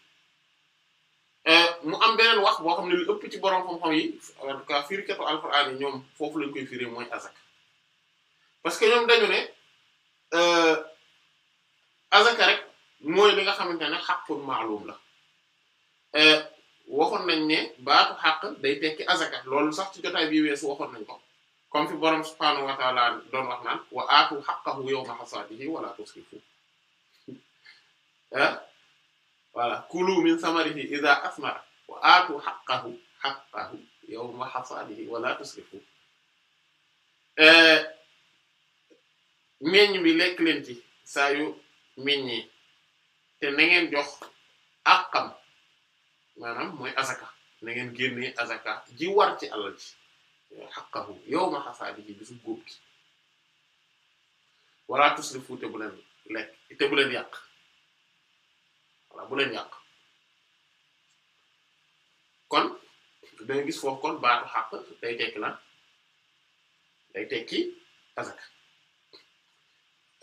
Euh, mu am beneen wax boo xam ne lu ëpp ci borom xam-xam yi en tout cas firikatu alquran ñoom foofu lañ koy firi mooy azak parce que ñoom dañu ne euh, azaka rek mooy li nga xamante ne xaqul maalum la euh, waxoon nañ ne baatu xaq day tekki azaka lool sax ci jotaay bi weesu waxoon nañ ko comme fi borom subhaanahu wa taala doon wax naan wa aatu xaqahu yawma hasaadihi wala tusrifu ah voilà kulu min samarihi idha asmara wa aatu haqqahu haqqahu yawma hasadihi tusrifu eh, meññ bi lekk leen ci saa yu meññee te na ngeen jox àqam maanaam mooy azaka na ngeen génnee azaka ji war ci alal ji xaqahu yawma hasadihi bisu góob wala tusrifu te lekk te bu voilà bu leen yàq kon da nga gis foofu kon baatu xàq day tekki la day tekki azak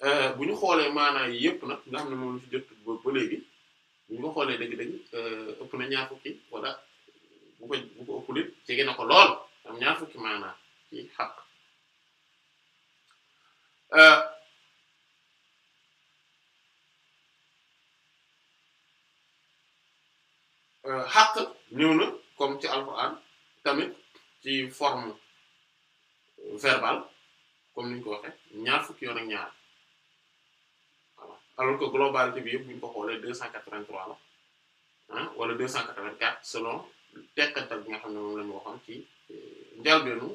euh, bu ñu xoolee maanaam yi yëpp na nga xam ne moom la fi jot ba léegi bu ñu xoolee dëgg-dëgg euh, ëpp na ñaar wala bu ko bu ko ëpp lépp jege ko lool am ñaar fukki xàq. Euh, Euh, xàq ñëw na comme ci alquran tamit ci forme verbale comme ni ko waxee ñaar fukki yoon ak ñaar voilà alors que globalité bi yëpp bu ñu ko xoolee deux cent quatre-vingt-trois la wala deux cent quatre-vingt-quatre selon tekkatal bi nga xam ne moom la ñu waxoon ci euh, njëlbéenu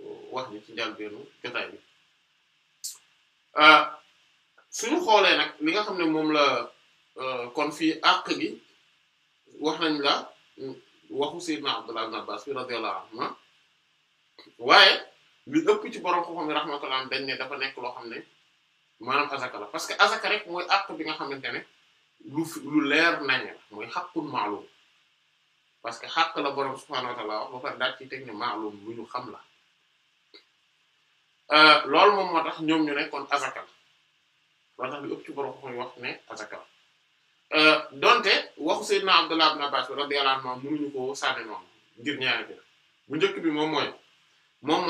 euh, wax ni ci njëlbéenu jotaay bi suñu xoolee nag li nga xam ne moom la kon fii àq gi wax nañ la waxu Seydina Abdullah ibn Abbas bi radiyallahu anhuma ah. waaye li ëpp ci borom xam-xam yi dañ ne dafa nekk loo xam ne maanaam azaka la parce que azaka rek mooy àq bi nga xamante ne lu lu leer nañ la mooy xaqul maalum parce que xaq la borom subhaanahu wa wax ba daal ci teg ne maalum lu ñu xam la euh, loolu moom moo tax ñoom ñu ne kon azaka la moo tax ëpp ci borom xam ne azaka Euh, donte waxu Seydina Abdullah ibn Abbas radiyallahu anhu mënuñu bi bu njëkk bi moom mooy moom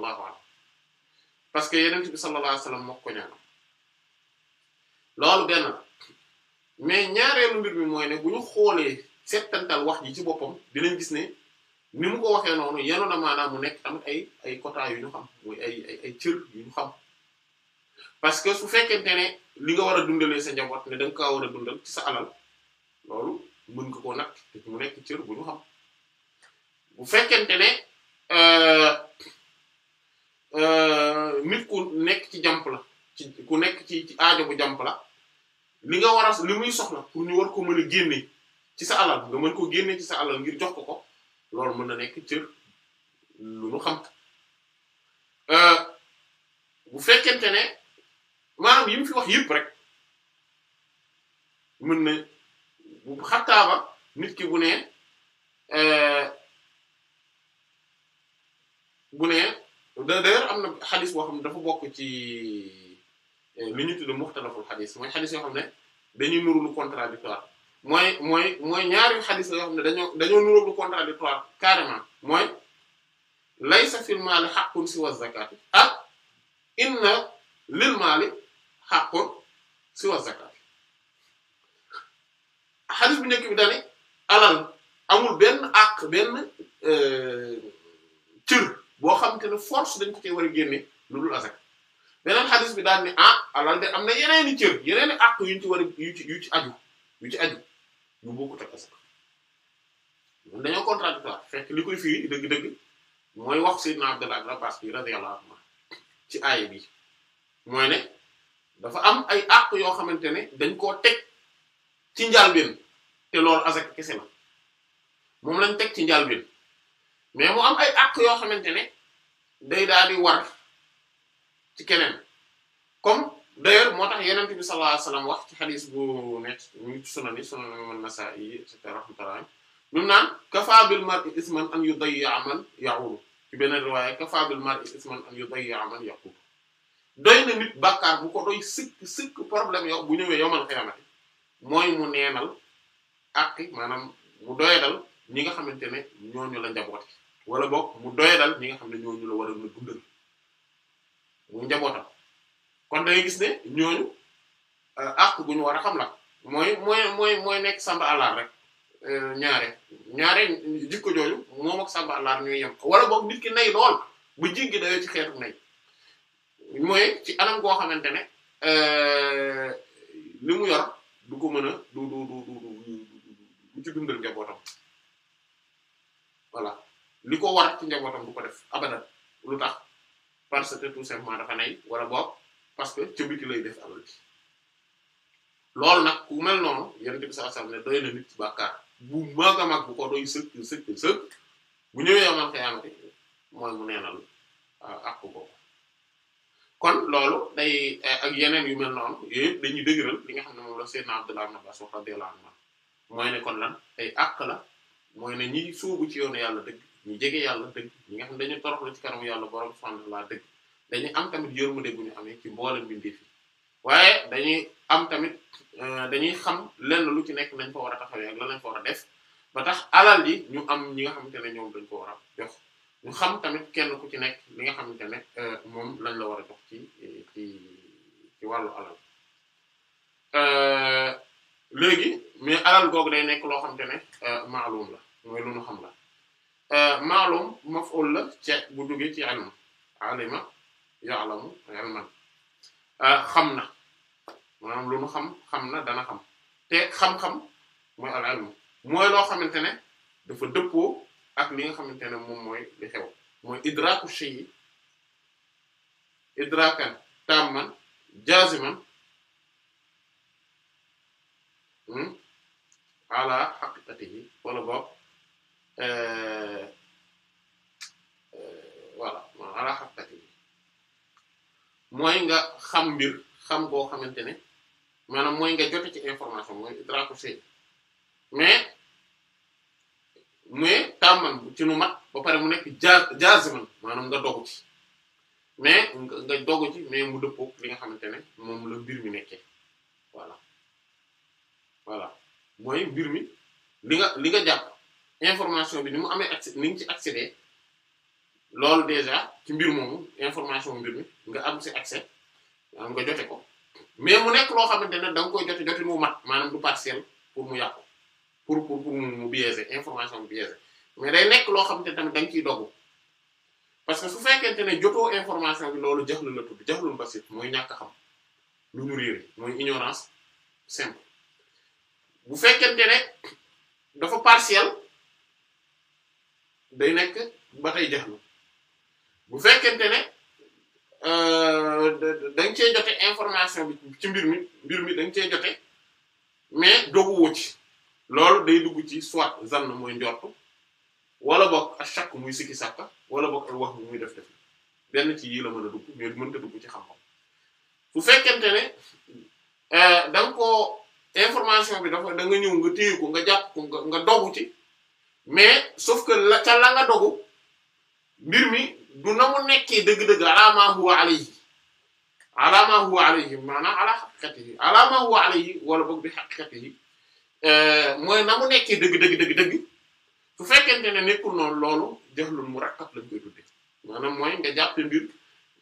maa que Yonent bi sallallahu ko ñaanal loolu benn ñaareelu mbir mi mooy ne bu ñu xoolee settantal wax ji ci boppam dinañ gis ne. ni mu ko waxee noonu yenu na maanaam mu nekk tamit ay ay quota yu ñu xam muy ay ay ay cër yu ñu xam parce que su fekkente ne li nga war a dundalee sa njaboot ne da nga kaa war a dundal ci sa alal loolu mën nga koo nag te mu nekk cër bu ñu xam bu fekkente ne euh, euh, nit ku nekk ci jàmp la ci ku nekk ci ci aajo bu jàmp la li nga war a li muy soxla pour ñu war ko mën a génne ci sa alal nga mën ko génne ci sa alal ngir jox ko ko loolu mën na nekk cër lu nu xam euh, bu fekkente ne maanaam yi mu fi wax yëpp rek mën na bu xattaaba nit ki bu ne euh, bu ne d'ailleurs am na xadis boo dafa bokk ci euh, li ñu tudd muxtalaful xadis mooy xadis yoo xam ne dañuy nuru lu contradictoire mooy mooy mooy ñaari xadis la yoo xam ne dañoo dañoo niróo lu contradictoire carrément mooy laysa fil maali haqqun siwa zakati ak inna lil maali haqqun siwa zakati xadis bu njëkk bi dañuy alal amul benn àq benn euh, cër boo xam te ne force dañ ko cee war a génne lu dul azaka beneen xadis bi daal ni ah alal de am na yeneeni cër yeneeni àq yuñ ci war a yu ci yu ci aju yu ci aju. ñu bokkut ak asaka dañoo contradictoire fekk li koy firi dëgg-dëgg mooy wax Sayyidina Abdullah ibn Abbas bi radiyallahu anhu ci aaya bi mooy ne dafa am ay àq yoo xamante ne dañ koo teg ci njàlbéen te loolu asaka kese na moom lañ teg ci njàlbéen mais mu am ay àq yoo xamante ne day daal di war ci keneen comme d'ailleurs moo tax yeneen bi sallallahu alayhi wax ci xadis bu nekk mu ngi ci sunan yi sunan man Nasaa'i et cetera rahmatullah bi mu naan kafaa bil mar'i yu an yudayyi'a man ya'ulu ci beneen riwaaya kafaa bil mar'i yu an yudayyi'a man yaqulu doy na nit bàkkaar bu ko doy sikk sikk problème yow bu ñëwee yowmal xiyaamati mooy mu neenal ak maanaam mu doyadal ñi nga xamante ne ñooñu la njaboote wala boog mu doyadal ñi nga xam ne ñooñu la war a dundal mu njabootam kon day gis ne ñooñu euh, àq gu ñu war a xam la mooy mooy mooy mooy nekk samba àllar rek euh, ñaare ñaare jikko jooju moom ak samba àllar ñooy yem wala boog nit ki nay lool bu jéggi dayoo ci xeetu nay mooy ci anam goo xamante ne euh, li mu yor du ko mën a du du du du du ci dundal njabootam voilà li ko war ci njabootam du ko def abadan lu tax parce que tout simplement dafa nay wala boog. parce que ca biti lay def alal ji nag ku mel noonu yonent bi sallallahu alayhi ne doy na nit ci bàkkaar bu mag a mag bu ko doy sëkk sëkk sëkk bu ñëwee amal xiyaamati mooy mu neenal ah, kon loolu day eh, ak yeneen yu mel noonu yooyu yëpp dañuy dëgëral li nga xam ne moom la Seydina Abdullah lan ay àq la mooy ne ñi sóobu ci yoonu yàlla dëgg ñu jege yàlla dëgg ñi nga xam ne dañu torox ci kanamu yàlla borom subhanahu wa ta'ala dëgg dañuy am tamit yërmande bu ñu amee ci mboolem mbindeef yi waaye dañuy am tamit euh, dañuy xam lenn lu ci nekk nañ ko war a taxawee ak lan lañ ko a def ba tax alal yi ñu am ñi nga xamante ne ñoom dañ ko war a jox ñu xam tamit kenn ku ci nekk li nga xamante ne euh, moom lañ la war jox ci ci ci alal euh, léegi mais alal googu day nekk loo xamante ne maalum la mooy lu ñu xam la maalum maf'ul la ci bu duggee ci alima alima ya'lamu ilman euh, xam na maanaam lu xam xam na dana xam te xam-xam mooy al ilmu loo xamante ne dafa dëppoo ak li nga xamante ne moom mooy li xew mooy idraku shay'i idrakan tamman jaziman hmm, ala haqiqatihi wala boog euh, euh, voilà ala haqiqatihi mooy nga xam mbir xam boo xamante ne maanaam mooy nga jote ci information mooy idraku shay mais mais tàmman ci nu mat ba pare mu nekk jaz jaziman maanaam nga dogu mais nga dogu ci mais mu dëppook li nga xamante ne moom la mbir mi nekkee voilà voilà mooy mbir mi li nga li nga jàpp information bi ni mu amee accès ni nga ci accéder loolu déjà ci mbir moomu information mbir mi nga am si accès nga jote ko mais mu nekk loo xamante ne da nga koy jote jote mu mat maanaam du partiel pour mu yàqu pour pour pour mu biaisé information biaisé mais day nekk loo xam ne tamit da nga ciy dogu parce que su fekkente ne jotoo information bi loolu jaxlu la tudd jaxlul basit mooy ñàkk xam lu ñu réer mooy ignorance simple bu fekkente ne dafa partiel day nekk ba tey jaxlu bu fekkente ne euh, da nga cee information bi ci mbir mi mbir mi da cee jote mais doguwoo ci loolu day dugg ci soit zann mooy njort wala boog ak muy sikki sàkka wala boog muy def benn ci yii la mën a dugg mais mënta dugg ci xam-xam bu fekkente ne euh, da nga ko information bi dafa da nga ñëw nga téye nga jàpp ko nga dogu ci mais sauf que la ca la nga dogu mbir mi du na mu nekkee dëgg-dëgg ala ma huwa alayhi ala yi huwa alayhi maanaam ala haqiqatihi ala yi huwa alayhi wala boog bi euh, mooy na mu nekkee dëgg dëgg dëgg dëgg su fekkente ne nekkul noonu loolu jahlul murakkab lañ koy tudde maanaam mooy nga jàppe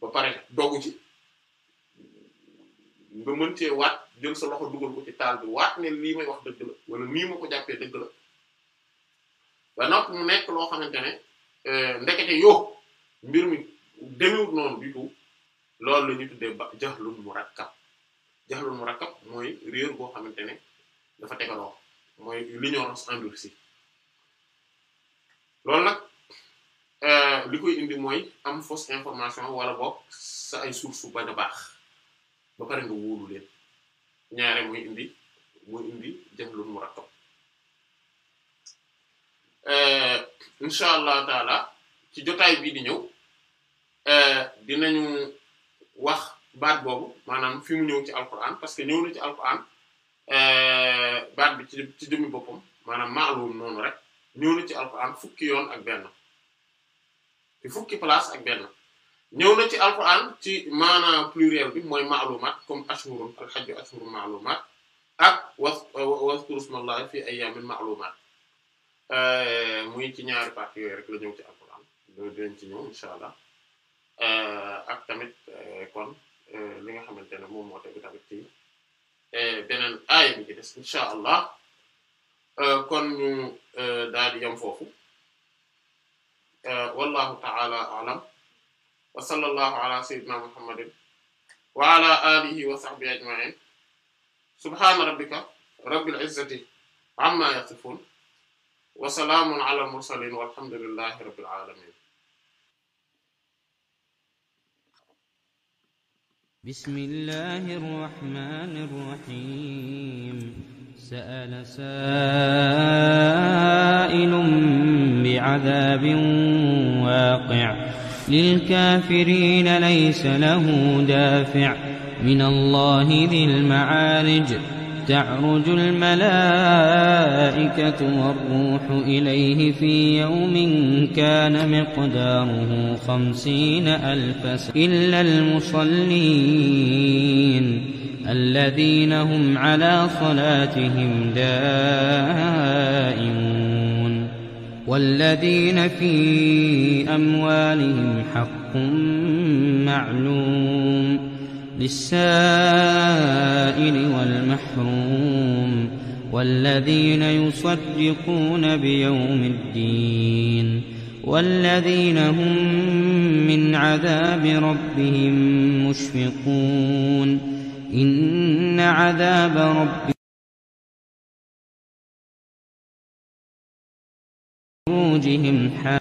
ba pare dogu ci nga waat jël sa loxo dugal ko ci taal bi waat ne lii may wax dëgg la wala nii ma ko jàppee dëgg la ba noppi mu nekk loo xamante ne Euh, ndekete yoo mbir mi demewut noonu du tout loolu la ñuy tuddee ba jaxlul murakkab jaxlul murakkab mooy réer boo xamante ne dafa tegaloo mooy l'ignorance endurcie loolu nag euh, li koy indi mooy am fausse information wala boog sa ay suuf ba da baax ba pare nga wóolu leen ñaare muy indi muy indi jaxlul murakkab incha allah taala ci jotaay bii di ñëw dinañu wax baat boobu maanaam fi mu ñëw ci alquran parce que ñëw na ci alquran baat bi ci ci jëmmi boppam maanaam maalum noonu rek ñëw na ci alquran fukki yoon ak benn ci fukki place ak benn ñëw na ci alquran ci maanaam pluriel bi mooy maalumat comme ashhurun al hajju ashhurun maalumat ak was waskurusmallahi fi ayyamin maalumat Euh, muy ci ñaari parties yooyu rek la ñëw ci alquran loolu dinañ ci ñëw euh, ak tamit euh, kon li nga xamante ne moom moo tegu tamit ci beneen aaya bi ci des kon ñu daal di foofu wallahu ta'ala a'lam wa sallallahu ala muhammadin wa alihi wa sahbihi ajma'in subhana rabbika rabbil izzati amma yasifun wa salaamun ala al-mursaliin walhamdulillahi rabbil aalamiin. bismillahir rahmaanir rahiim. sa'ala saa'ilun bi'adaabin waaqi' lil-kaafiriina laysa lahu daafi' mina Allahi dhil-ma'aarij تعرج الملائكة والروح إليه في يوم كان مقداره خمسين ألف سنة إلا المصلين الذين هم على صلاتهم دائمون والذين في أموالهم حق معلوم للسائل والمحروم والذين يصدقون بيوم الدين والذين هم من عذاب ربهم مشفقون إن عذاب ربهم خروجهم حال